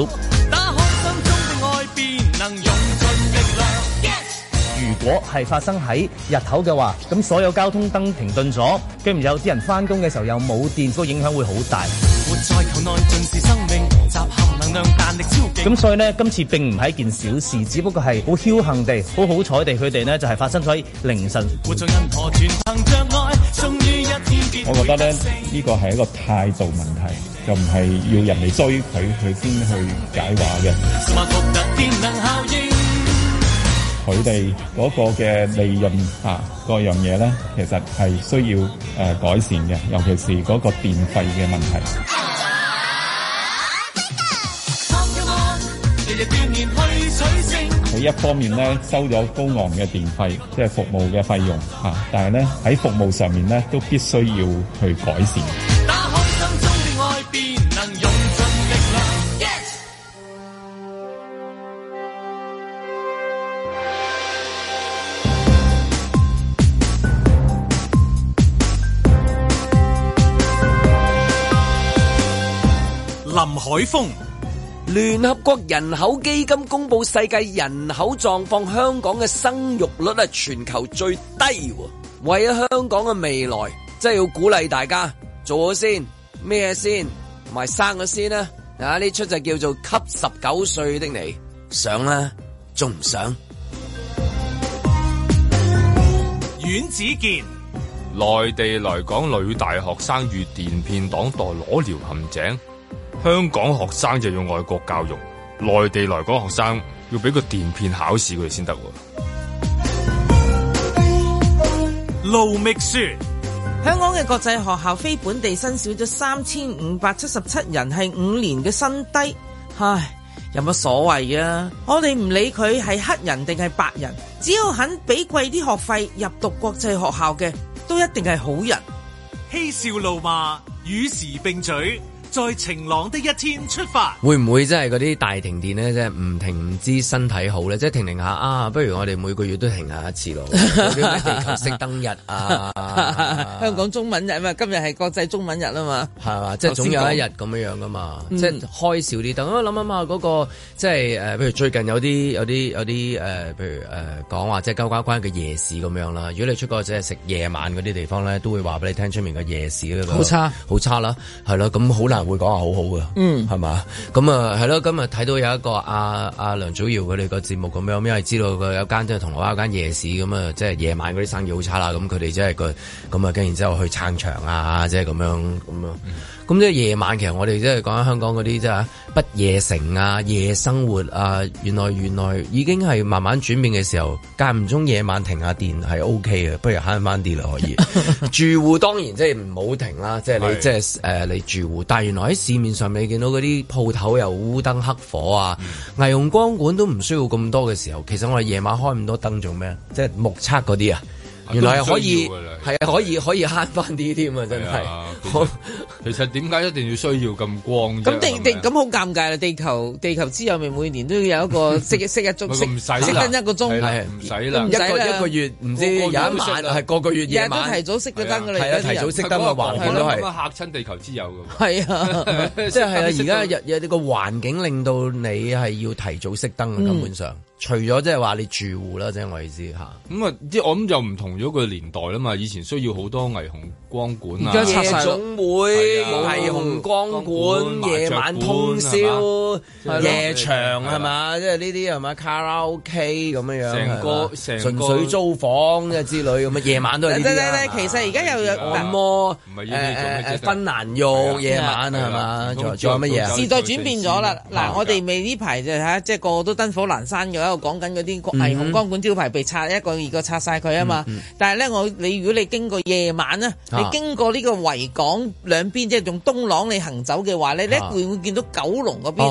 果係發生喺日頭嘅話，咁所有交通燈停頓咗，跟住有啲人翻工嘅時候又冇電，個影響會好大。咁所以呢，今次並唔係一件小事，只不過係好僥倖地、好好彩地佢哋，佢哋呢就係、係、發生咗喺凌晨。我覺得呢，呢、呢個係一個態度問題，就唔係要人哋追佢，佢先去解話嘅。嗯佢哋嗰個嘅利潤啊，嗰樣嘢咧，其實係需要誒改善嘅，尤其是嗰個電費嘅問題。佢一方面咧收咗高昂嘅電費，即係服務嘅費用啊，但係咧喺服務上面咧都必須要去改善。海風聯合國人口基金公布世界人口狀況，香港嘅生育率係全球最低。為咗香港嘅未來，真係要鼓勵大家做咗先咩先，同埋生咗先啦、啊。呢、啊、出就叫做給十九歲的你，想啦、啊，仲唔想？阮子健，內地來港女大學生遇電騙黨墮裸聊陷阱。香港學生就要外國教育，內地來港學生要俾個電片考試佢哋先得。盧覓雪，香港嘅國際學校非本地生少咗三千五百七十七人，係五年嘅新低。唉，有乜所謂啊？我哋唔理佢係黑人定係白人，只要肯俾貴啲學費入讀國際學校嘅，都一定係好人。嬉笑怒罵與時並舉。在晴朗的一天出發，會唔會真係嗰啲大停電咧？即係唔停唔知身體好咧。即係停停下啊，不如我哋每個月都停下一次咯。叫咩地球熄燈 日啊？香港中文日啊嘛，今日係國際中文日啊嘛，係嘛？即係總有一日咁樣㗎噶嘛。即係開少啲燈。我諗一諗啊，嗰個即係呃，譬如最近有啲有啲有啲誒、呃，譬如、呃、講話即係交關關嘅夜市咁樣啦。如果你出國即係食夜晚嗰啲地方咧，都會話俾你聽出面嘅夜市嗰個好差，好差啦，係咯，咁好難。會講話好好嘅，嗯是，係嘛，咁啊係咯，今日睇到有一個阿阿、啊啊、梁祖堯佢哋個節目咁樣，因為知道佢有間即係銅鑼灣間夜市咁啊，即係夜晚嗰啲生意好差啦，咁佢哋即係佢咁啊，跟然之後去撐場啊，即係咁樣咁啊。咁即係夜晚，其實我哋即係講緊香港嗰啲即係不夜城啊、夜生活啊，原來原來已經係慢慢轉變嘅時候，間唔中夜晚停下電係 OK 嘅，不如慳翻啲啦，可以。住戶當然即係唔好停啦，即係你即係誒你住戶，但原來喺市面上你見到嗰啲鋪頭又烏燈黑火啊，霓虹光管都唔需要咁多嘅時候，其實我哋夜晚開咁多燈做咩？即係目測嗰啲啊，原來係可以係可以可以慳翻啲添啊，真係其實點解一定要需要咁光？咁地地咁好尷尬啦！地球地球之友咪每年都要有一個熄熄唔使熄燈一個鐘，唔使啦，一個一個月唔知有一晚係個個月夜晚都提早熄咗燈啦，提早熄燈嘅環境都係吓親地球之友噶，係啊，即係啊，而家日日呢個環境令到你係要提早熄燈啊，根本上除咗即係話你住戶啦，即係我意思吓，咁啊，即我諗就唔同咗個年代啦嘛，以前需要好多霓虹光管而家拆晒霓虹光管，夜晚通宵夜場係嘛，即係呢啲係嘛卡拉 OK 咁樣樣，純粹租房嘅之類咁啊，夜晚都係呢啲啊。其實而家又有按摩，誒誒芬蘭浴夜晚係嘛，仲有乜嘢啊？時代轉變咗啦，嗱我哋未呢排就嚇，即係個個都燈火闌珊，又喺度講緊嗰啲霓虹光管招牌被拆，一個二個拆晒佢啊嘛。但係咧我你如果你經過夜晚咧，你經過呢個維港兩邊。即係用東廊你行走嘅話咧，你會唔會見到九龍嗰邊，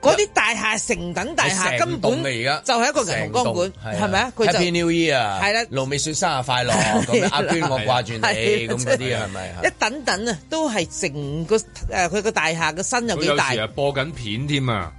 嗰啲大廈成等大廈，根本就係一個銀行光管，係咪啊？Happy New Year 啊，係啦，盧美雪生日快樂，咁樣阿娟我掛住你，咁嗰啲係咪？一等等啊，都係成個誒佢個大廈嘅身又幾大。佢有時啊播緊片添啊。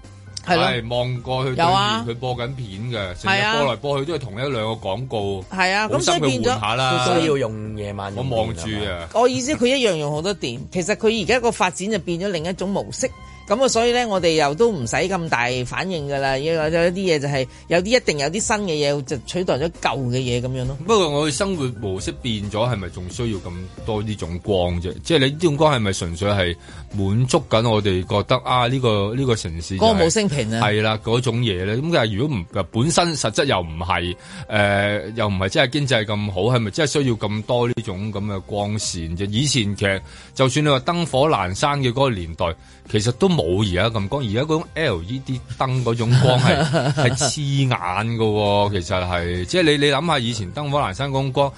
係，望的過去對面佢播緊片嘅。成日、啊、播來播去都係同一兩個廣告。係啊，咁所以變咗，佢需要用夜晚用。我望住啊！我意思佢一樣用好多電， 其實佢而家個發展就變咗另一種模式。咁啊，所以咧，我哋又都唔使咁大反應噶啦。有、就是、有啲嘢就係有啲一定有啲新嘅嘢就取代咗舊嘅嘢咁樣咯。不過我生活模式變咗，係咪仲需要咁多呢種光啫？即係你呢種光係咪純粹係滿足緊我哋覺得啊？呢、這個呢、這個城市、就是、光武升平啊，係啦嗰種嘢咧。咁但係如果唔本身實質又唔係誒，又唔係真係經濟咁好，係咪真係需要咁多呢種咁嘅光線啫？以前其就算你話燈火闌珊嘅嗰個年代。其實都冇而家咁光，而家嗰種 LED 燈嗰種光係係刺眼噶、哦，其實係，即係你你諗下以前燈火闌珊嗰種光，誒、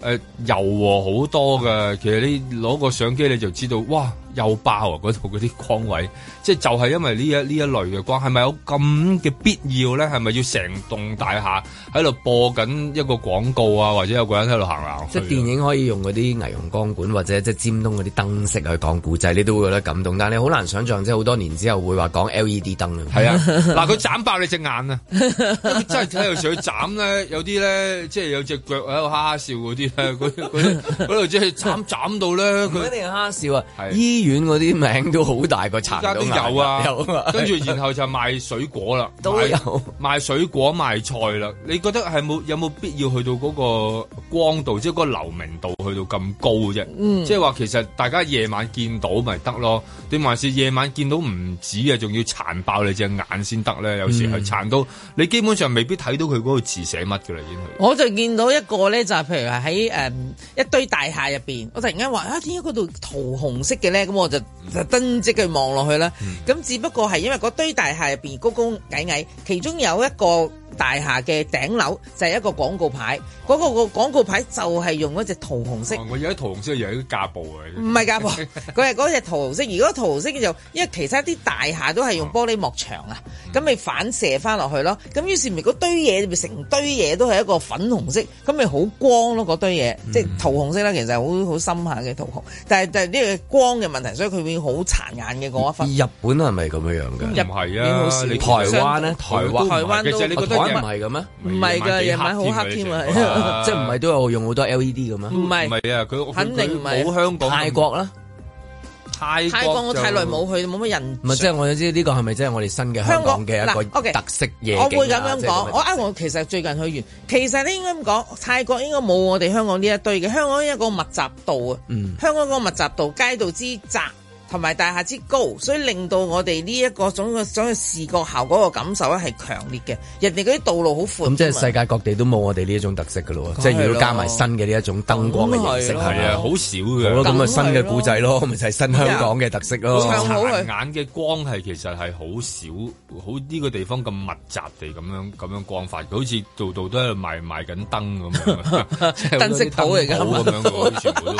呃、柔和好多噶，其實你攞個相機你就知道，哇！又爆啊！嗰度嗰啲光位，即係就係、是、因為呢一呢一類嘅光，係咪有咁嘅必要咧？係咪要成棟大廈喺度播緊一個廣告啊？或者有個人喺度行啊？即係電影可以用嗰啲霓虹光管，或者即係尖東嗰啲燈飾去講古仔，你都會覺得感動。但係你好難想象，即係好多年之後會話講 LED 燈。係啊，嗱， 佢斬爆你隻眼啊！真係睇有時佢斬咧，有啲咧，即係有隻腳喺度哈哈笑嗰啲咧，嗰度即係斬斬到咧，佢一定哈哈笑啊！院嗰啲名都好大個殘，家都有啊，跟住 然後就賣水果啦，都有賣，賣水果賣菜啦。你覺得係冇有冇必要去到嗰個光度，即係個流明度去到咁高啫？嗯、即係話其實大家夜晚見到咪得咯，定還是夜晚見到唔止啊，仲要殘爆你隻眼先得咧？有時係殘到、嗯、你基本上未必睇到佢嗰個字寫乜嘅啦，已經。我就見到一個咧，就係譬如話喺誒一堆大廈入邊，我突然間話啊，點解嗰度桃紅色嘅咧？咁我就就登即佢望落去啦，咁、嗯、只不過係因為嗰堆大廈入邊高高矮矮，其中有一個。大廈嘅頂樓就係、是、一個廣告牌，嗰個、哦、個廣告牌就係用嗰隻桃紅色。哦、我以為桃紅色又係啲膠布啊，唔係膠布，佢係嗰隻桃紅色。如果桃紅色就，因為其實一啲大廈都係用玻璃幕牆啊，咁咪、哦、反射翻落去咯。咁、嗯、於是咪嗰堆嘢咪成堆嘢都係一個粉紅色，咁咪好光咯嗰、嗯、堆嘢，即係桃紅色啦，其實係好好深下嘅桃紅，但係就呢個光嘅問題，所以佢會好殘眼嘅嗰一分、嗯。日本係咪咁樣樣嘅？唔係啊，台灣咧，對台灣台灣唔係嘅咩？唔係嘅，夜晚好黑添啊！即係唔係都有用好多 L E D 咁咩？唔係啊，佢是肯定唔係。好香港，泰國啦，泰泰國我太耐冇去，冇乜人。唔係即係我想知呢、這個係咪即係我哋新嘅香港嘅港特色嘢、啊？Okay, 我會咁樣講，是我啊，我其實最近去完，其實你應該咁講，泰國應該冇我哋香港呢一堆嘅香港一個密集度啊，嗯、香港一個密集度，街道之窄。同埋大廈之高，所以令到我哋呢一個種嘅種嘅視覺效果嘅感受咧係強烈嘅。人哋嗰啲道路好闊，咁即係世界各地都冇我哋呢一種特色㗎咯。即係要加埋新嘅呢一種燈光嘅形式，係啊，好少嘅。咁啊新嘅古仔咯，咪就係新香港嘅特色咯。眼嘅光係其實係好少，好呢個地方咁密集地咁樣咁樣光發，好似度度都喺度賣賣緊燈咁。燈飾舖嚟㗎，咁樣嘅，全部都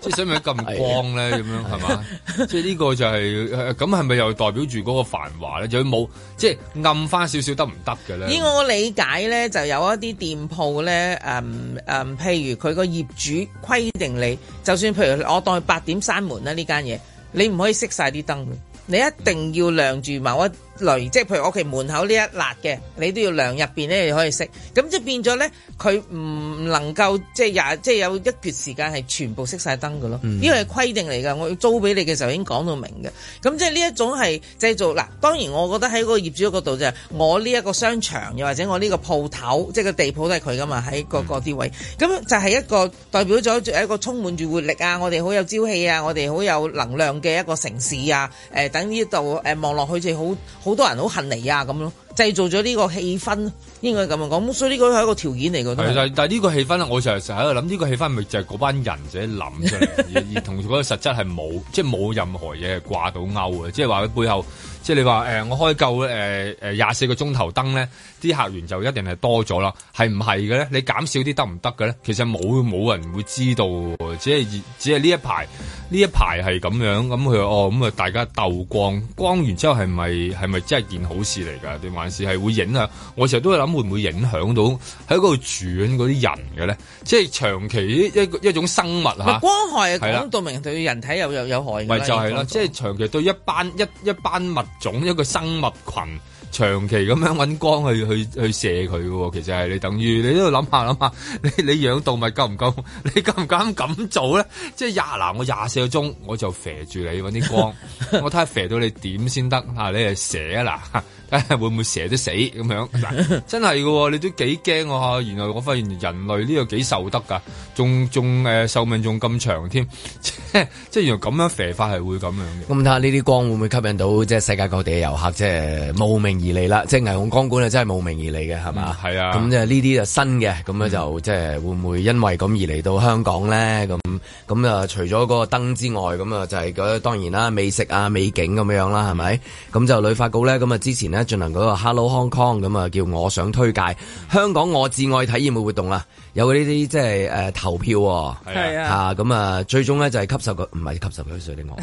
即係使唔使咁光咧？咁樣係嘛？即係呢個就係咁，係咪又代表住嗰個繁華咧？有冇即係暗翻少少得唔得嘅咧？以我理解咧，就有一啲店鋪咧，誒、嗯、誒、嗯，譬如佢個業主規定你，就算譬如我當佢八點閂門啦，呢間嘢你唔可以熄晒啲燈，你一定要亮住某一。嗯例如，即係譬如我屋企門口呢一笪嘅，你都要量入邊咧，你可以熄。咁即係變咗咧，佢唔能夠即係也即係有一段時間係全部熄晒燈嘅咯。呢個係規定嚟㗎。我要租俾你嘅時候已經講到明嘅。咁即係呢一種係製造。嗱，當然我覺得喺個業主嗰度啫、就係，我呢一個商場又或者我呢個鋪頭，即係個地鋪都係佢㗎嘛，喺各個啲位。咁、嗯、就係一個代表咗一個充滿住活力啊，我哋好有朝氣啊，我哋好有能量嘅一個城市啊。誒、呃，等呢度誒望落去似好。好多人好恨你啊咁咯，製造咗呢個氣氛應該咁樣講，所以呢個係一個條件嚟嘅。的但係呢個氣氛我成日成日喺度諗，呢、呢個氣氛咪就係嗰班人自己諗出嚟， 而同嗰個實質係冇，即係冇任何嘢掛到勾嘅，即係話佢背後。即係你話誒、呃，我開夠誒誒廿四個鐘頭燈咧，啲客源就一定係多咗啦，係唔係嘅咧？你減少啲得唔得嘅咧？其實冇冇人會知道，只係只係呢一排呢一排係咁樣，咁、嗯、佢哦咁啊、嗯、大家鬥光光完之後係咪係咪真係件好事嚟噶？定還是係會影響？我成日都會諗會唔會影響到喺嗰度住緊嗰啲人嘅咧？即係長期一一種生物吓光害啊，講到明對人體又有有害咪就係啦，即係度長期對一班一一班物。種一個生物群，長期咁樣揾光去去去射佢嘅，其實係你等於你都度諗下諗下，你你養動物夠唔夠？你敢唔敢咁做咧？即係廿嗱，我廿四個鐘我就射住你揾啲光， 我睇下射到你點先得吓，你係射啊。 會唔會蛇都死咁樣？真係噶，你都幾驚啊！原來我發現人類呢個幾受得噶，仲仲誒壽命仲咁長添，即、啊、係原來咁樣肥法係會咁樣嘅。咁睇下呢啲光會唔會吸引到即係、就是、世界各地嘅遊客，即係慕名而嚟啦，即係霓虹光管、嗯、啊，真係慕名而嚟嘅，係嘛？係、就、啊、是。咁即係呢啲就新嘅，咁咧就即係會唔會因為咁而嚟到香港咧？咁咁啊，除咗個燈之外，咁啊就係、是、當然啦，美食啊、美景咁樣樣啦，係咪？咁、嗯、就旅發局咧，咁啊之前咧。進行嗰個 Hello Hong Kong 咁啊，叫我想推介香港我至愛體驗嘅活動喇！有嗰啲即係、呃、投票喎、哦，係是啊，啊，嚇咁啊，最終咧就係、是、吸收佢，唔係吸收佢水定我，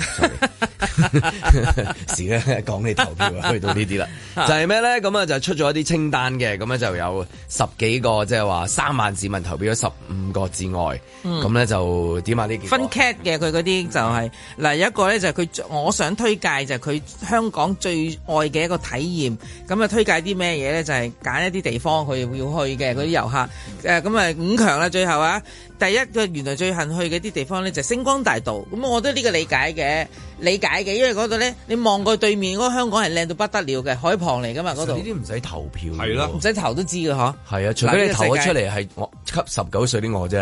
時咧講你投票去到 呢啲啦，就係咩咧？咁啊就出咗一啲清單嘅，咁咧就有十幾個，即係話三萬市民投票咗十五個之外。咁咧、嗯、就點啊啲分 cat 嘅佢嗰啲就係、是、嗱，有、嗯、一個咧就係佢我想推介就係佢香港最愛嘅一個體驗，咁啊推介啲咩嘢咧？就係、是、揀一啲地方佢要去嘅嗰啲遊客，咁、嗯、啊～五強啦，最後啊，第一個原來最近去嘅啲地方咧就係星光大道，咁我覺得呢個理解嘅，理解嘅，因為嗰度咧你望過對面嗰個香港係靚到不得了嘅海旁嚟噶嘛，嗰度呢啲唔使投票，係囉的，唔使投都知噶吓，係啊，除非你投咗出嚟係我吸十九歲啲我啫。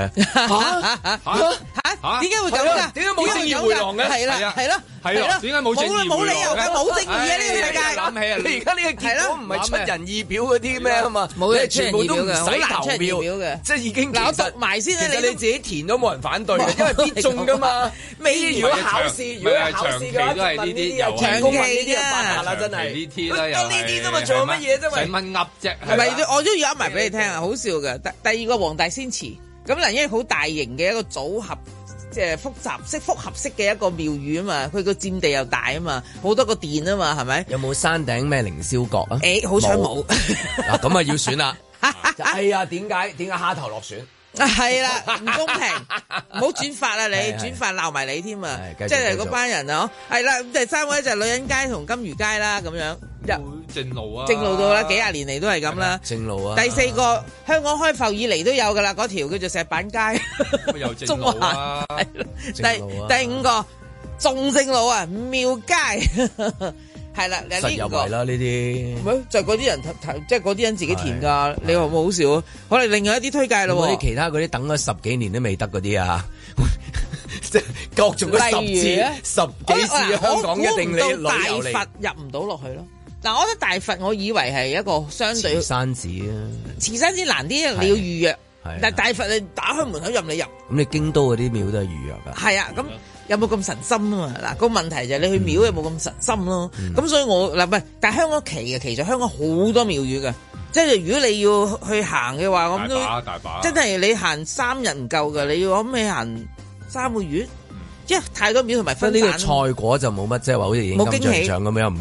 啊啊啊 嚇點解會走㗎？點解冇正義回廊嘅？係啦，係咯，係啊，點解冇正義冇理由嘅？冇正義嘅呢個世界諗起啊！你而家呢個結果唔係出人意表嗰啲咩啊嘛？即係全部都唔使投票，即係已經其實埋先啊！其實你自己填都冇人反對嘅，因為必中㗎嘛。如果考試，如果考試嘅話，問問呢啲又長期呢啲啊，真係。咁呢啲都咪做乜嘢啫？咪問噏啫，唔係我都要噏埋俾你聽啊！好笑嘅。第第二個黃大仙祠咁，嗱，因為好大型嘅一個組合。嘅複雜式複合式嘅一個廟宇啊嘛，佢個佔地又大啊嘛，好多個殿啊嘛，係咪？有冇山頂咩凌霄閣啊？誒，好彩冇。嗱，咁啊要選啦。係啊，點解點解蝦頭落選？啊，係啦，唔公平。唔好轉發啦你，轉發鬧埋你添啊。即係嗰班人啊，係啦。第三位就係女人街同金魚街啦，咁樣。正路啊，正路到啦，幾廿年嚟都係咁啦。正路啊，第四個，香港開埠以嚟都有噶啦，嗰條叫做石板街。又正路啊，第第五個仲正路啊，廟街係啦。你有埋啦呢啲。唔係，係就嗰啲人，即係嗰啲人自己填噶。你話冇好笑？可能另外一啲推介咯。嗰啲其他嗰啲等咗十幾年都未得嗰啲啊，即係各種嘅十次、十幾次香港一定你大佛入唔到落去咯。嗱，但我覺得大佛，我以為係一個相對慈山寺啊，慈山寺難啲是你要預約。的但大佛你打開門口任你入。咁你京都嗰啲廟都係預約㗎。係啊，咁有冇咁神心啊嘛？嗱、那，個問題就係你去廟有冇咁神心咯、啊。咁、嗯、所以我嗱唔係，但香港奇嘅其實香港好多廟宇嘅，即係如果你要去行嘅話，咁都大把，啊大把啊、真係你行三日唔夠㗎，你要諗你行三個月，即為、嗯、太多廟同埋分散呢個菜果就冇乜，即係話好似現金咁樣，唔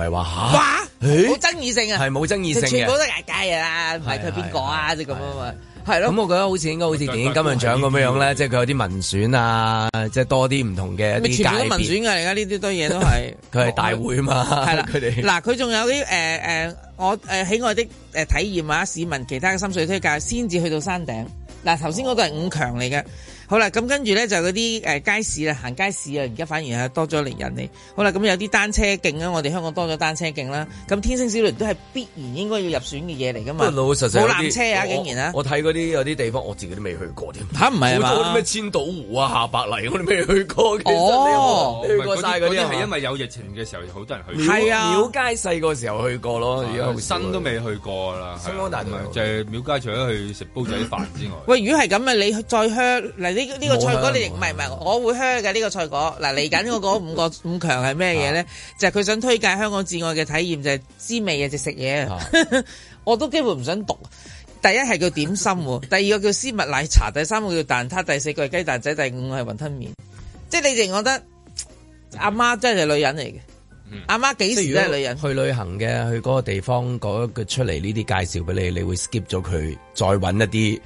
冇爭議性啊，係冇爭議性嘅，全部都係街嘢啦，唔係佢邊個啊，即係咁樣啊嘛，係咯。咁我覺得好似應該好似電影金像獎咁樣樣咧，即係佢有啲民選啊，即係多啲唔同嘅界別，全部都民選嘅，而家呢啲堆嘢都係。佢係大會嘛，係啦。佢哋嗱，佢仲有啲誒誒，我誒喜愛的誒體驗啊，市民其他嘅心水推介先至去到山頂。嗱，頭先嗰個係五強嚟嘅。好啦，咁跟住咧就嗰啲誒街市啊，行街市啊，而家反而係多咗嚟人嚟。好啦，咁有啲單車徑啦，我哋香港多咗單車徑啦。咁天星小輪都係必然應該要入選嘅嘢嚟噶嘛？不老實實好我纜車啊，竟然啊！我睇嗰啲有啲地方，我自己都未去過添。嚇唔係啊嘛？咩千島湖啊、下白泥，我哋未去過。哦，其實你去過晒嗰啲係因為有疫情嘅時候，好多人去過。係啊，廟街細個時候去過咯，而家、啊、新都未去過啦。星光大道就係、是、廟街，除咗去食煲仔飯之外， 喂，如果係咁啊，你再香呢呢個菜果你唔係唔係，我會香嘅呢個菜果。嗱嚟緊我嗰五個五強係咩嘢咧？就係佢想推介香港至愛嘅體驗，就係滋味啊，就食嘢。我都幾乎唔想讀。第一係叫點心，第二個叫絲襪奶茶，第三個叫蛋撻，第四個係雞蛋仔，第五個係雲吞麵。即係你哋覺得阿媽真係女人嚟嘅，阿媽幾時都係女人。去旅行嘅，去嗰個地方嗰個出嚟呢啲介紹俾你，你會 skip 咗佢，再揾一啲。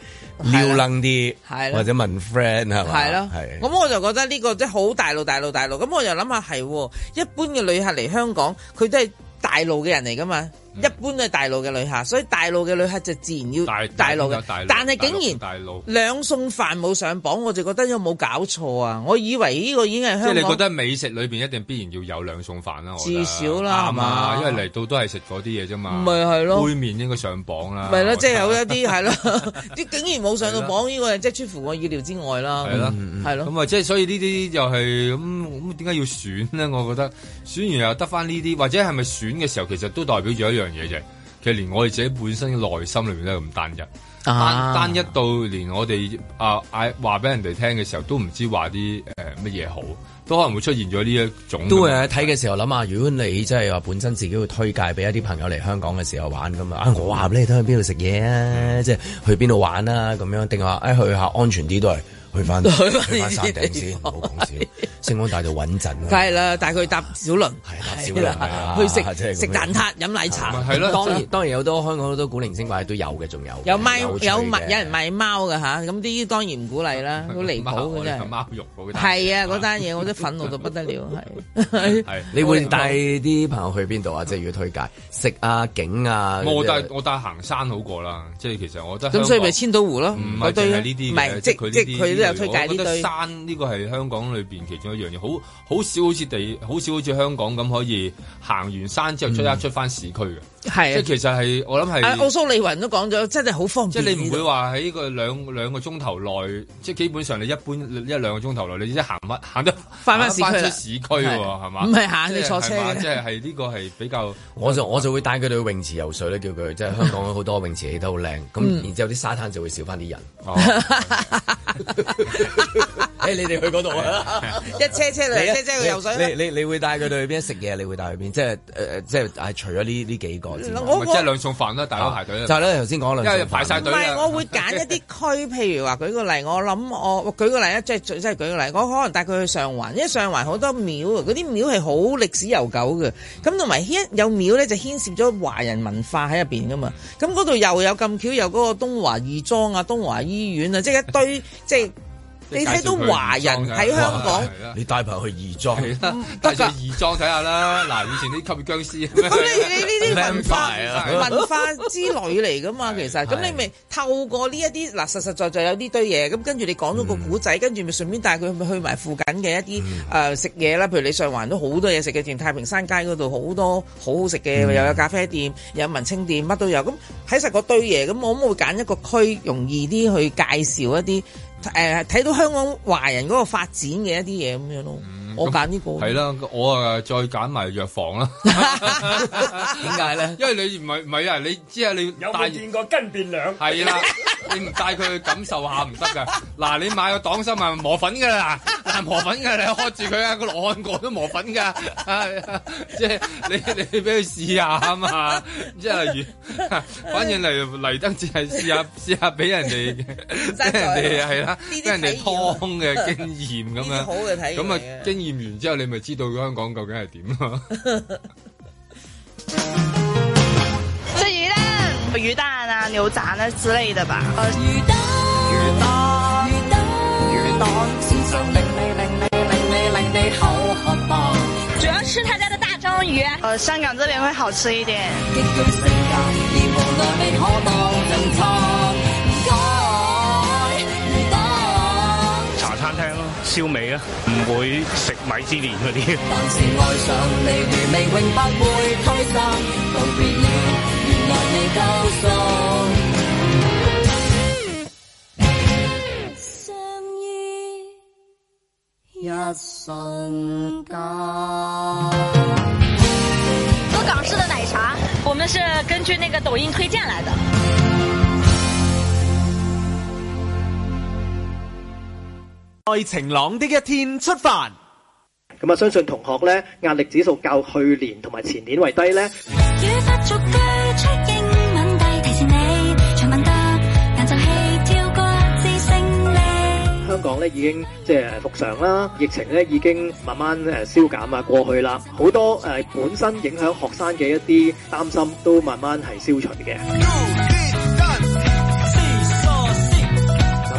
撩楞啲，的或者問 friend 係咪係咯，係。咁我就覺得呢個即係好大路大路大路。咁我又諗下係，一般嘅旅客嚟香港，佢都係大路嘅人嚟噶嘛。一般都係大陸嘅旅客，所以大陸嘅旅客就自然要大陸嘅，但係竟然兩餸飯冇上榜，我就覺得有冇搞錯啊！我以為呢個已經係香港，即係你覺得美食裏面一定必然要有兩餸飯啦，至少啦，係咪？因為嚟到都係食嗰啲嘢啫嘛，唔係係咯，杯麵應該上榜啦，係啦即係有一啲係咯，啲竟然冇上到榜呢個，即出乎我意料之外啦，係咯，係咯，咁啊，即係所以呢啲又係咁咁點解要選呢？我覺得選完又得翻呢啲，或者係咪選嘅時候其實都代表住一樣。樣嘢啫，其實連我哋自己本身嘅內心裏面都係咁單一，單、啊、單一到連我哋啊嗌話俾人哋聽嘅時候都唔知話啲誒乜嘢好，都可能會出現咗呢一種的。都會喺睇嘅時候諗下，如果你即係話本身自己會推介俾一啲朋友嚟香港嘅時候玩咁啊，我話俾你聽去邊度食嘢啊，即係、嗯、去邊度玩啦、啊、咁樣，定話誒去一下安全啲都係。去翻去翻山頂先，唔好講笑。星光大道穩陣。係啦，帶佢搭小輪。係搭小輪去食食蛋撻、飲奶茶。係咯，當然當然好多香港好多古靈精怪都有嘅，仲有。有賣有有人賣貓嘅嚇，咁呢啲當然唔鼓勵啦，好離譜嘅真係。貓肉嗰單。係啊，嗰單嘢我真憤怒到不得了，係。你會帶啲朋友去邊度啊？即係要推介食啊景啊。我帶我帶行山好過啦，即係其實我覺得。咁所以咪千島湖咯？唔係對呢啲唔係即佢。我覺得山呢，這個係香港裏邊其中一樣嘢，好好少好似地，好少好似香港咁可以行完山之後出，嗯、出一出翻市區嘅。係，是啊，即係其實係，我諗係。奧蘇利雲都講咗，真係好方便。即係你唔會話喺呢個兩兩個鐘頭內，即係基本上你一般一兩個鐘頭內，你即行乜行得翻翻市區，翻出市區係嘛？唔係行，吧走你坐車。即係係呢個係比較，我就我就會帶佢哋去泳池游水咧，叫佢即係香港好多泳池起得好靚，咁 然之後啲沙灘就會少翻啲人。哦 誒、哎、你哋去嗰度啊！的的一車一車嚟，一車一車去游水。你你你會帶佢哋去邊食嘢？你會帶去邊,邊？即係、呃、即係除咗呢呢幾個即係兩餸飯啦，大佬我排隊。就係咧，頭先講兩餸飯。唔係，我會揀一啲區，譬如話舉個例，我諗我舉個例啊，即係最係舉個例，我可能帶佢去上環，因為上環好多廟，嗰啲廟係好歷史悠久嘅。咁同埋有廟咧，就牽涉咗華人文化喺入邊噶嘛。咁嗰度又有咁巧，有嗰個東華義莊啊、東華醫院啊，即係一堆即係 你睇到華人喺香港，你帶佢去義莊，帶去義莊睇下啦。嗱， 以前啲吸血僵屍，咁， 你你呢啲文化文化之類嚟噶嘛？ 其實咁是你咪透過呢一啲嗱，實實在在有呢堆嘢，咁跟住你講咗個古仔，嗯、跟住咪順便帶佢去埋附近嘅一啲誒、嗯呃、食嘢啦。譬如你上環都好多嘢食嘅，連太平山街嗰度好多好好食嘅，又、嗯、有，有咖啡店，有文青店，乜都有。咁喺實嗰堆嘢，咁我唔會揀一個區容易啲去介紹一啲？誒睇到香港華人嗰個發展嘅一啲嘢咁樣咯。我揀呢個係啦，我啊再揀埋藥房啦。點解咧？因為你唔係唔係啊？你即係你有變過跟變兩係啦。你唔帶佢去感受下唔得噶。嗱，你買個黨參啊磨粉噶啦，嗱磨粉噶，你開住佢啊個羅漢果都磨粉噶。即係你你俾佢試下啊嘛。即係例如，反正嚟嚟得只係試下試下俾人哋，俾人哋係啦，俾人哋湯嘅經驗咁樣，咁啊經驗。驗完之後你咪知道香港究竟係點咯。食魚蛋、魚蛋啊、牛雜啊之類的吧。主要是他家的大章魚。呃，香港這邊會好吃一點。燒味啊，唔會食米芝蓮嗰啲。做港式的奶茶，我們是根據那個抖音推薦來的。在晴朗的一天出發，咁啊，相信同學咧壓力指數較去年同埋前年為低咧。香港咧已經即係復常啦，疫情咧已經慢慢誒消減啊過去啦，好多誒本身影響學生嘅一啲擔心都慢慢係消除嘅。No.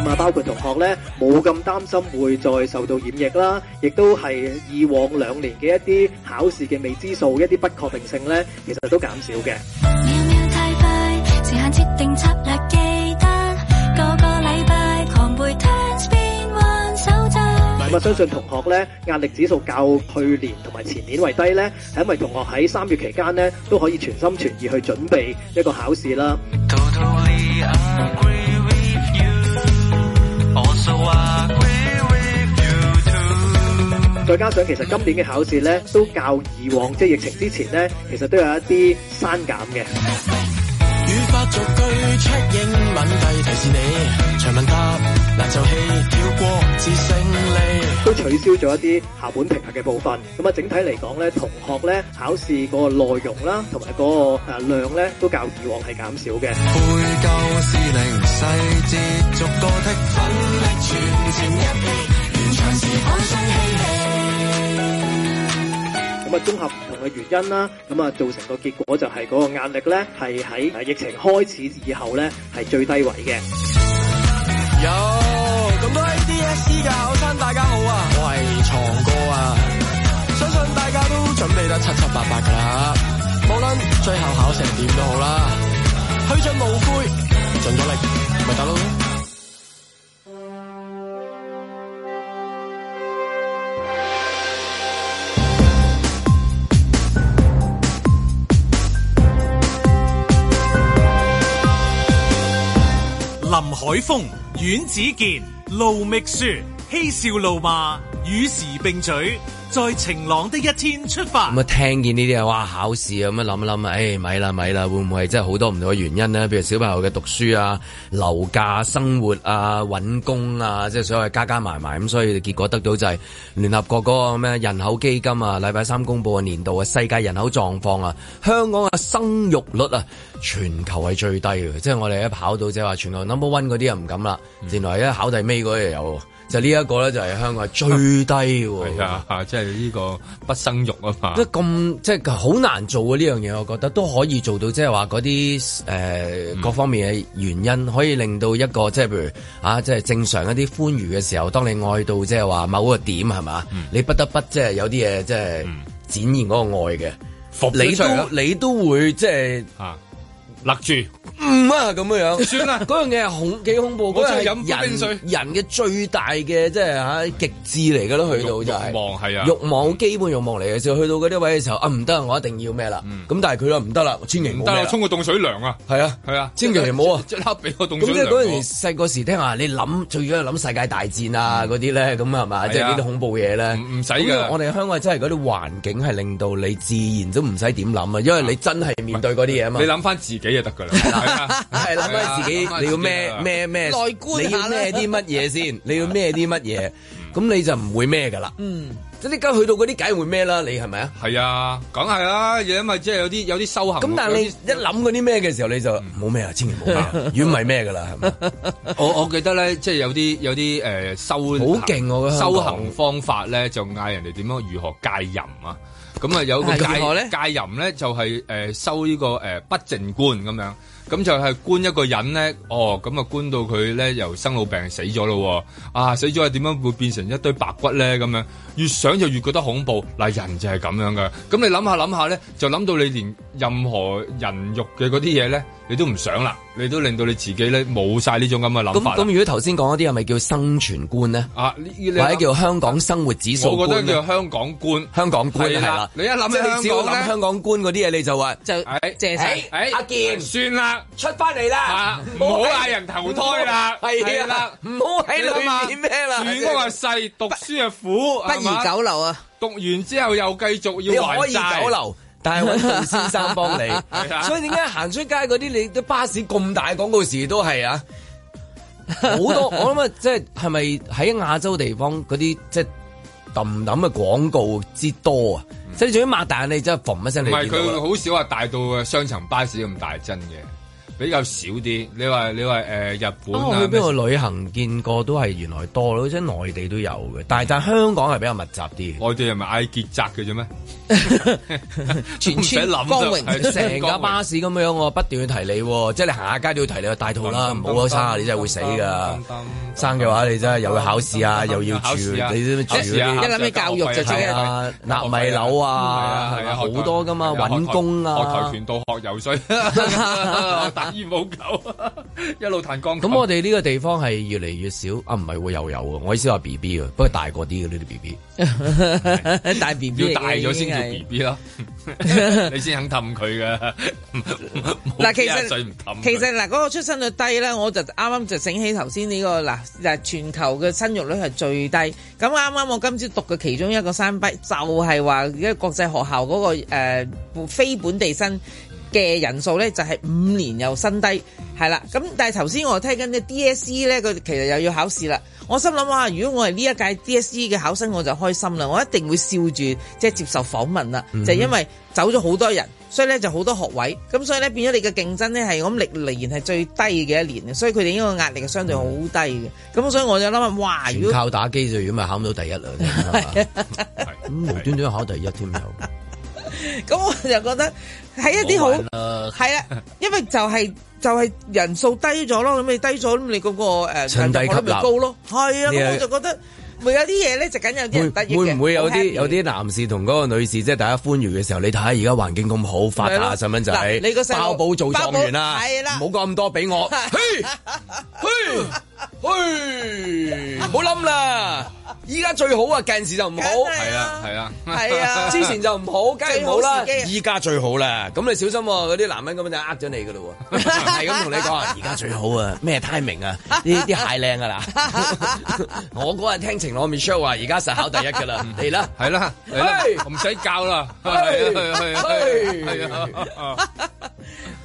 啊！包括同學咧，冇咁擔心會再受到染疫啦，亦都係以往兩年嘅一啲考試嘅未知數、一啲不確定性咧，其實都減少嘅。嗱，我相信同學咧壓力指數較去年同埋前年為低咧，係因為同學喺三月期間咧都可以全心全意去準備一個考試啦。再加上其實今年嘅考試咧，都較以往，即係疫情之前咧，其實都有一啲刪減嘅。都取消咗一啲校本評核嘅部分。咁啊，整體嚟講咧，同學咧，考試嗰個內容啦，同埋嗰個量咧，都較以往係減少嘅。綜合唔同嘅原因啦，咁啊造成個結果就係嗰個壓力咧係喺疫情開始以後咧係最低位嘅。有咁多喺 DSE 嘅考生，大家好啊！我係床哥啊！相信大家都準備得七七八八噶啦，無論最後考成點都好啦，去盡無悔，盡咗力咪得咯。海峰阮子健盧覓雪，嬉笑怒罵，與時並舉，在晴朗的一天出發。咁啊，聽見呢啲啊，哇，考試咁啊，諗一諗誒，咪啦咪啦，會唔會係真係好多唔同嘅原因呢？譬如小朋友嘅讀書啊、樓價、生活啊、搵工啊，即、就、係、是、所謂加加埋埋咁，所以結果得到就係聯合國嗰個咩人口基金啊，禮拜三公布嘅年度嘅、啊、世界人口狀況啊，香港嘅生育率啊，全球係最低嘅，即、就、係、是、我哋一跑到即係話全球 number one 嗰啲又唔敢啦，原來一考第尾嗰個又。就呢一個咧，就係香港係最低喎。係啊，即係呢個不生育啊嘛。咁即係好難做嘅呢樣嘢，我覺得都可以做到。即係話嗰啲誒各方面嘅原因，嗯、可以令到一個即係譬如啊，即係正常一啲歡愉嘅時候，當你愛到即係話某個點係嘛，嗯、你不得不即係有啲嘢即係展現嗰個愛嘅、嗯嗯。你都你都會即係啊。勒住，唔啊咁嘅樣，算啦。嗰樣嘢係恐幾恐怖，嗰係飲冰水，人嘅最大嘅即係吓極致嚟嘅咯，去到就係欲望，係啊，欲望基本欲望嚟嘅，就去到嗰啲位嘅時候，啊唔得，我一定要咩啦？咁但係佢又唔得啦，千祈唔好。但係我沖個凍水涼啊，係啊係啊，千祈唔好啊，即刻俾我凍水涼。咁即係嗰陣時細個時聽下，你諗最緊要諗世界大戰啊嗰啲咧，咁係嘛，即係啲恐怖嘢咧，唔使。因為我哋香港真係嗰啲環境係令到你自然都唔使點諗啊，因為你真係面對嗰啲嘢啊嘛。你諗翻自己。咩得噶啦？係諗喺自己，你要咩咩咩？外觀啊！你要咩啲乜嘢先？你要咩啲乜嘢？咁你就唔會咩噶啦。嗯，即係而家去到嗰啲梗係會咩啦？你係咪啊？係啊，梗係啦。因為即係有啲有啲修行。咁但係你一諗嗰啲咩嘅時候，你就冇咩啊，千祈冇。如果唔係咩噶啦，係嘛？我我記得咧，即係有啲有啲誒修好勁，我嘅修行方法咧，就嗌人哋點樣如何戒淫啊？咁啊、嗯，有個戒戒淫咧，呢就係、是呃、收呢、這個、呃、不淨觀。咁樣，咁就係觀一個人咧，哦，咁啊觀到佢咧由生老病死咗咯喎，啊死咗係點樣會變成一堆白骨咧？咁樣越想就越覺得恐怖。嗱，人就係咁樣嘅。咁你諗下諗下咧，就諗到你連任何人肉嘅嗰啲嘢咧，你都唔想啦，你都令到你自己咧冇晒呢這種咁嘅諗法。咁咁如果頭先講嗰啲係咪叫生存觀咧？啊或者叫香港生活指數？我覺得叫香港觀，香港觀啦。的你一諗咧，香港咧，香港官嗰啲嘢，你就話就誒，謝 Sir，誒，阿健，算啦，出翻嚟啦，唔好嗌人投胎啦，係啦，唔好喺裏面諗咩啦，住屋係細，讀書係苦，不如九流啊！讀完之後又繼續要還債，不如九流，但係揾陳先生幫你，所以點解行出街嗰啲，你啲巴士咁大廣告詞都係啊，好多，我諗啊，即係係咪喺亞洲地方嗰啲即係揼揼嘅廣告之多啊？即係仲要擘大眼，你真係縫一聲，你唔係佢好少話，大到啊雙層巴士咁大樽嘅。真的比較少啲，你話你話誒日本去邊個旅行見過都係原來多咯，即係內地都有嘅，但係但香港係比較密集啲。外地係咪嗌結紮嘅啫咩？全村光榮成架巴士咁樣喎，不斷去提你，即係你行下街都要提你。大肚啦，唔好生啊！你真係會死㗎。生嘅話，你真係又要考試啊，又要住，你都住嗰啲。一諗起教育就最叻，納米樓啊，好多㗎嘛，揾工啊，學跆拳道、學游水。 二冇九，一路彈鋼琴。咁我哋呢個地方係越嚟越少啊，唔係會又有啊？我意思話 B B 啊，不過大個啲嘅呢啲 B B，大 B B 要大咗先叫 B B 咯，你先肯氹佢噶。嗱，其實其實嗱，嗰、那個出生率低咧，我就啱啱就醒起頭先呢個嗱，誒，全球嘅生育率係最低。咁啱啱我今朝讀嘅其中一個山壁，就係話一個國際學校嗰、那個誒、呃、非本地生。嘅人數咧就係、是、五年又新低，係啦。咁但係頭先我聽緊啲 DSE 咧，佢其實又要考試啦。我心諗哇，如果我係呢一屆 DSE 嘅考生，我就開心啦，我一定會笑住即係接受訪問啦。Mm hmm. 就因為走咗好多人，所以咧就好多學位，咁所以咧變咗你嘅競爭咧係咁歷年係最低嘅一年，所以佢哋呢個壓力係相對好低嘅。咁、mm hmm. 所以我就諗啊，哇！如果靠打機就如果咪考唔到第一年，咁無端端考第一添又。 咁我就覺得係一啲好，係啊，因為就係就係人數低咗咯，咁你低咗，咁你嗰個誒，成績就高咯，係啊，我就覺得會有啲嘢咧，就梗有啲得益嘅。會唔會有啲有啲男士同嗰個女士，即係大家歡愉嘅時候，你睇下而家環境咁好發達，細蚊仔，你個包保做狀元啦，係啦，冇講咁多俾我，嘿，嘿。唔好諗啦，依家最好啊，近時就唔好，係啊係啊，係啊，之前就唔好，梗係唔好啦，依家最好啦，咁你小心嗰啲男人咁樣就呃咗你噶啦，係咁同你講，而家最好啊，咩 timing 啊，呢啲鞋靚噶啦，我嗰日聽晴朗面 show 話，而家實考第一噶啦，嚟啦，係啦，唔使教啦，係啊係啊係啊係啊，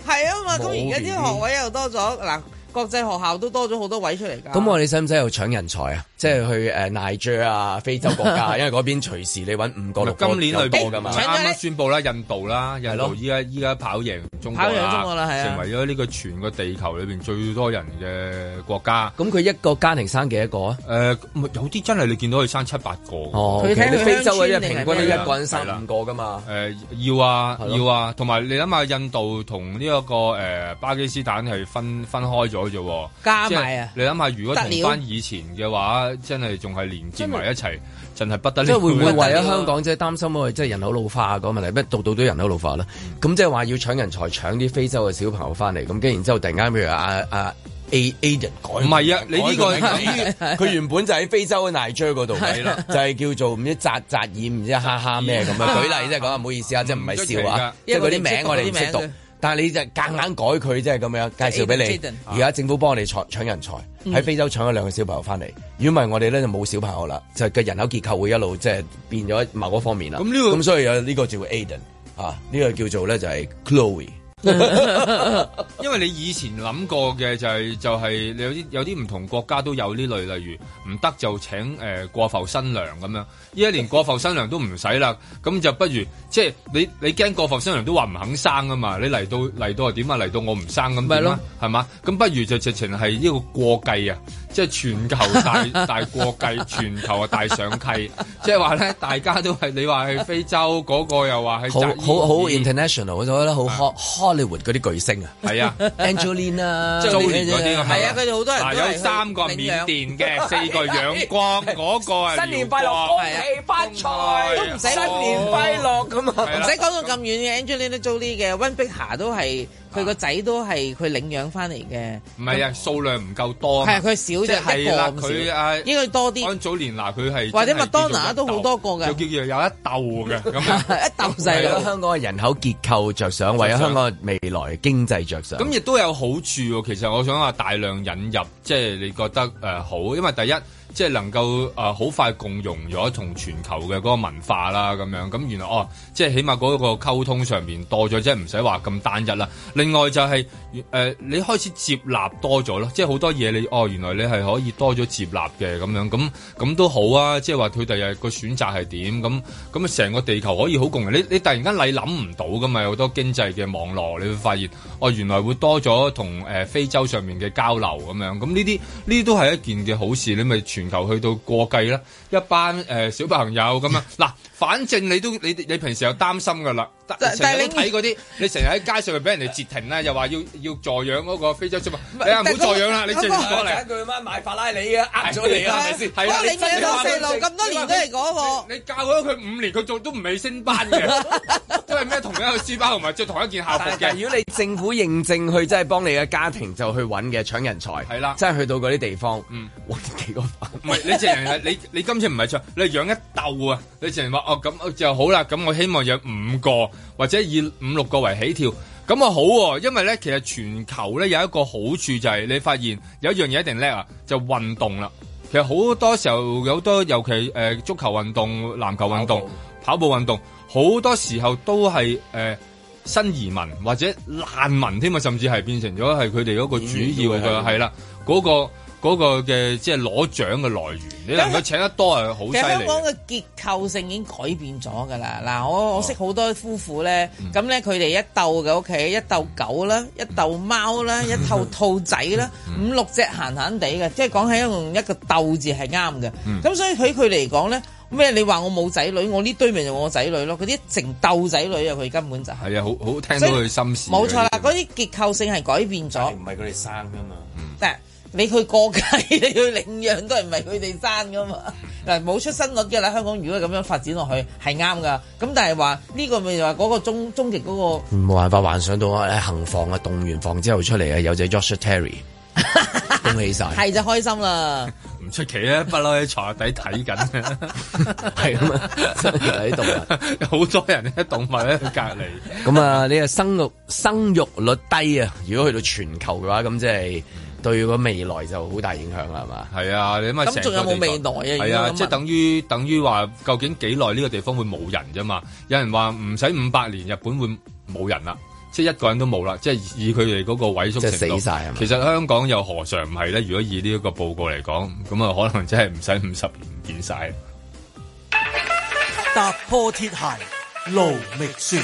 係啊嘛，咁而家啲學位又多咗，嗱。國際學校都多咗好多位出嚟噶，咁我哋使唔使又搶人才啊？即係去 Niger 啊，非洲國家，因為嗰邊隨時你揾五個六個㗎嘛。今年里過㗎嘛，啱啱宣布啦，印度啦，印度依家依家跑贏中國啦，成為咗呢個全個地球裏面最多人嘅國家。咁佢一個家庭生幾多個啊？誒，有啲真係你見到佢生七八個。佢聽非洲嘅平均一個人生五個㗎嘛。誒，要啊，要啊。同埋你諗下，印度同呢一個誒巴基斯坦係分分開咗啫。加埋啊！你諗下，如果同翻以前嘅話。真係仲係連接埋一齊，真係不得了。即係會唔會為咗香港即係擔心即係人口老化個問題，咩度度都人口老化啦？咁即係話要搶人才，搶啲非洲嘅小朋友翻嚟，咁跟住然之後突然間，譬如阿啊 A A 人改，唔係啊，你呢個佢原本就喺非洲嘅泥堆嗰度，就係叫做唔知扎扎爾唔知哈哈咩咁樣？舉例即係講唔好意思啊，即係唔係笑話，因為嗰啲名我哋唔識讀。但係你就夾硬改佢，即係咁樣介紹俾你。而家政府幫我哋搶人才，喺、啊、非洲搶咗兩個小朋友翻嚟。如果唔係，我哋咧就冇小朋友啦。就個、是、人口結構會一路即係變咗某一方面啦。咁、這個、所以有呢個、啊這個叫做 Aiden 啊，呢個叫做咧就係 Chloe。 因為你以前諗過嘅就係、是、就係、是、你有啲有啲唔同國家都有呢類，例如唔得就請誒、呃、過埠新娘咁樣。依家連過埠新娘都唔使啦，咁就不如即係你你驚過埠新娘都話唔肯生啊嘛？你嚟到嚟到係點啊？嚟到我唔生咁咪咯，係嘛、啊？咁的不如就直情係呢個過繼啊！即係全球大大國際，全球啊大上契，即係話咧，大家都係你話去非洲嗰個又話去好好 international 我覺得好 hollywood 嗰啲巨星啊，係啊，Angelina，即係 Jolie 嗰啲，係啊，佢哋好多人都有三個緬甸嘅，四個陽光嗰個啊，新年快樂，恭喜發財，都唔使新年快樂咁啊，唔使講到咁遠嘅 Angelina，Jolie 嘅溫碧霞都係。佢個仔都係佢領養翻嚟嘅，唔係啊，數量唔夠多，係啊，佢少就係個佢少。應該多啲。安祖蓮嗱佢係，或者麥當娜都好多個嘅，又叫又有一竇嘅，咁一竇細。香港嘅人口結構着想，為咗香港未來經濟着想，咁亦都有好處喎。其實我想話大量引入，即係你覺得誒好，因為第一。即係能夠誒好、呃、快共融咗同全球嘅嗰個文化啦，咁樣咁原來哦，即係起碼嗰個溝通上面多咗，即係唔使話咁單一啦。另外就係、是、誒、呃、你開始接納多咗咯，即係好多嘢你哦原來你係可以多咗接納嘅咁樣咁咁都好啊。即係話佢哋又個選擇係點咁咁啊？成個地球可以好共融。你你突然間你諗唔到㗎嘛？好多經濟嘅網絡，你會發現哦原來會多咗同誒非洲上面嘅交流咁樣。咁呢啲呢啲都係一件嘅好事，你咪。全球去到過季啦，一班誒、呃、小朋友咁樣嗱。反正你都你你平時又擔心嘅啦，但但係你睇嗰啲，你成日喺街上又俾人哋截停啦，又話要要助養嗰個非洲豬瘟，你唔好助養啦，你直接過嚟。一句買法拉利嘅，呃咗你啊，係咪先？係啊，你成日都細路咁多年都係嗰個。你教咗佢五年，佢做都唔係升班嘅，都係咩？同樣嘅書包同埋著同一件校服嘅。如果你政府認證去，真係幫你嘅家庭就去揾嘅，搶人才係啦，真係去到嗰啲地方，揾幾個唔係你成日你你今次唔係搶，你係養一竇啊！你成日話。哦，咁就好啦。咁我希望有五個或者以五六個為起跳。咁啊好，因為咧，其實全球咧有一個好處就係、是、你發現有一樣嘢，一定叻啊，就運動啦。其實好多時候有好多，尤其誒足球運動、籃球運動、跑步運動，好多時候都係誒、呃、新移民或者難民添啊，甚至係變成咗係佢哋嗰個主要嘅係啦，嗰、嗯那個。嗰個嘅即係攞獎嘅來源，你能夠請得多係好犀利。其實香港嘅結構性已經改變咗噶啦。嗱，我我識好多夫婦咧，咁咧佢哋一斗嘅屋企，一斗狗啦，一斗貓啦，一斗兔仔啦，五六隻閒閒地嘅，即係講起用一個斗字係啱嘅。咁所以喺佢嚟講咧，咩？你話我冇仔女，我呢堆咪就我仔女咯。佢一成斗仔女啊，佢根本就係啊，好好聽到佢心思。冇錯啦，嗰啲結構性係改變咗，唔係佢哋生噶嘛。但係。你佢過繼，你去領養都係唔係佢哋生噶嘛？嗱，冇出生率啦，香港如果咁樣發展落去係啱噶。咁但係話呢個咪就話嗰個終,終極嗰個冇辦法幻想到喺、哎、行房啊、動完房之後出嚟啊，有隻 Joshua Terry 恭喜晒！係 就開心啦。唔出奇啊，不嬲喺牀底睇緊嘅，係啊嘛，真喺度啊，好多人喺動物喺隔籬。咁啊， 你嘅生育生育率低啊，如果去到全球嘅話，咁即係。對個未來就好大影響啦，係嘛？係啊，你咁啊成個地方仲有冇未來啊？係啊，啊，即係等於等於話，究竟幾耐呢個地方會冇人啫嘛？有人話唔使五百年，日本會冇人啦，即係一個人都冇啦，即係以佢哋嗰個萎縮程度，其實香港又何嘗唔係咧？如果以呢一個報告嚟講，咁啊可能真係唔使五十年唔見晒。踏破鐵鞋勞未雪。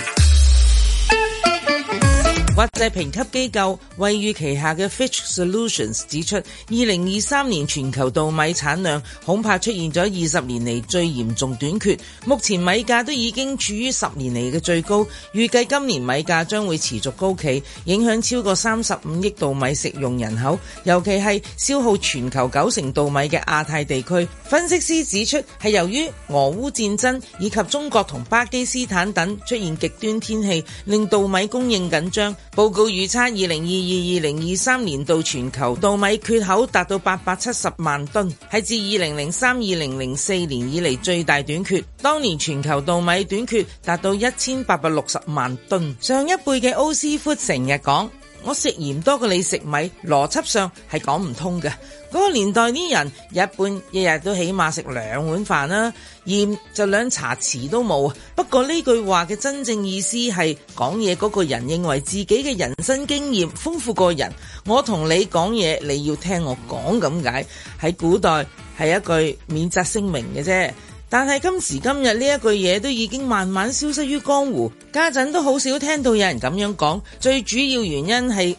國際評級機構位於旗下嘅 Fitch Solutions 指出，二零二三年全球稻米產量恐怕出現咗二十年嚟最嚴重短缺，目前米價都已經處於十年嚟嘅最高，預計今年米價將會持續高企，影響超過三十五億稻米食用人口，尤其係消耗全球九成稻米嘅亞太地區。分析師指出，係由於俄烏戰爭以及中國同巴基斯坦等出現極端天氣，令稻米供應緊張。報告預測，二零二二、二零二三年度全球稻米缺口達到八百七十萬噸，係自二零零三、二零零四年以嚟最大短缺。當年全球稻米短缺達到一千八百六十萬噸。上一輩嘅奧斯福成日講：我食鹽多過你食米，邏輯上係講唔通嘅。嗰個年代啲人一般日日都起碼食兩碗飯啦，鹽就兩茶匙都冇。不過呢句話嘅真正意思係講嘢嗰個人認為自己嘅人生經驗豐富過人，我同你講嘢，你要聽我講咁解。喺古代係一句免責聲明嘅啫，但係今時今日呢一句嘢都已經慢慢消失於江湖，家陣都好少聽到有人咁樣講。最主要原因係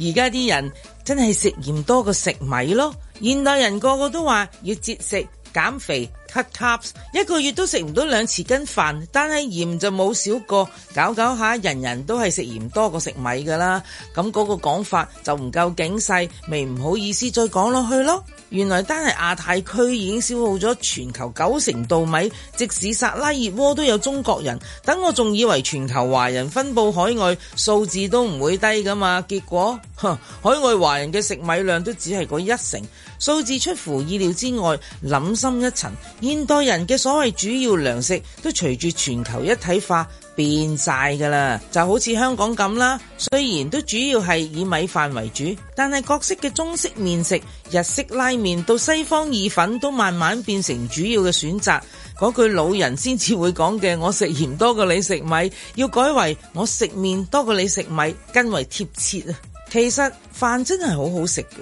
而家啲人。真係食鹽多過食米咯！現代人個個都話要節食減肥 cut c u p s 一個月都食唔到兩次斤飯，但係鹽就冇少過。搞搞下，人人都係食鹽多過食米㗎啦。咁嗰個講法就唔夠警勢，未唔好意思再講落去咯。原來單係亞太區已經消耗咗全球九成稻米，即使薩拉熱窩都有中國人。等我仲以為全球華人分布海外，數字都唔會低噶嘛，結果，哼，海外華人嘅食米量都只係嗰一成，數字出乎意料之外。諗深一層，現代人嘅所謂主要糧食都隨住全球一體化。變晒噶啦，就好似香港咁啦。雖然都主要係以米飯為主，但係各式嘅中式麵食、日式拉麵到西方意粉都慢慢變成主要嘅選擇。嗰句老人先至會講嘅，我食鹽多過你食米，要改為我食麵多過你食米，更為貼切啊！其實飯真係好好食噶。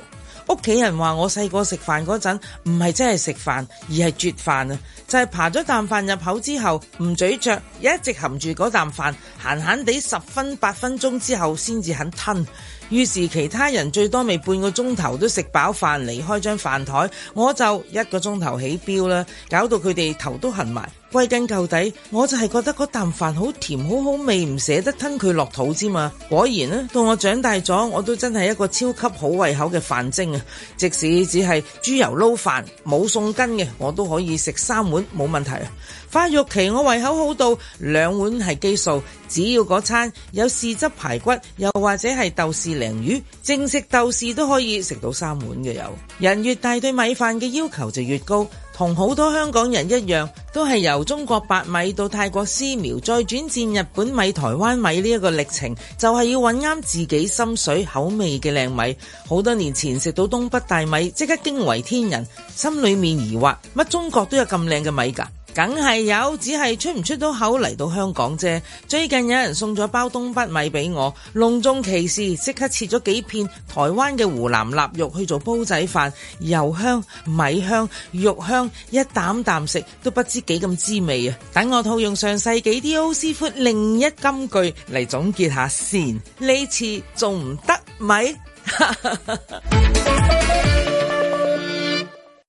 屋企人話我細個食飯嗰陣唔係真係食飯，而係啜飯啊！就係、是、扒咗啖飯入口之後唔咀嚼，一直含住嗰啖飯，閒閒地十分八分鐘之後先至肯吞。於是其他人最多未半個鐘頭都食飽飯離開張飯台，我就一個鐘頭起表啦，搞到佢哋頭都痕埋。歸根究底，我就係覺得嗰啖飯好甜好好味，唔捨得吞佢落肚之嘛。果然呢，到我長大咗，我都真係一個超級好胃口嘅飯精啊！即使只係豬油撈飯冇餸送嘅，我都可以食三碗冇問題啊！發育期我胃口好到兩碗係基數，只要嗰餐有豉汁排骨，又或者係豆豉鯪魚，正食豆豉都可以食到三碗嘅有。人越大對米飯嘅要求就越高。同好多香港人一樣，都係由中國白米到泰國絲苗，再轉戰日本米、台灣米呢一個歷程，就係要揾啱自己心水口味嘅靚米。好多年前食到東北大米，即刻驚為天人，心裏面疑惑乜中國都有咁靚嘅米㗎。梗係有，只係出唔出到口嚟到香港啫。最近有人送咗包東北米俾我，隆重其事，即刻切咗幾片台灣嘅湖南臘肉去做煲仔飯，油香、米香、肉香，一啖啖食都不知幾咁滋味啊！等我套用上世紀 D.O. 師傅另一金句嚟總結一下先，呢次仲唔得米？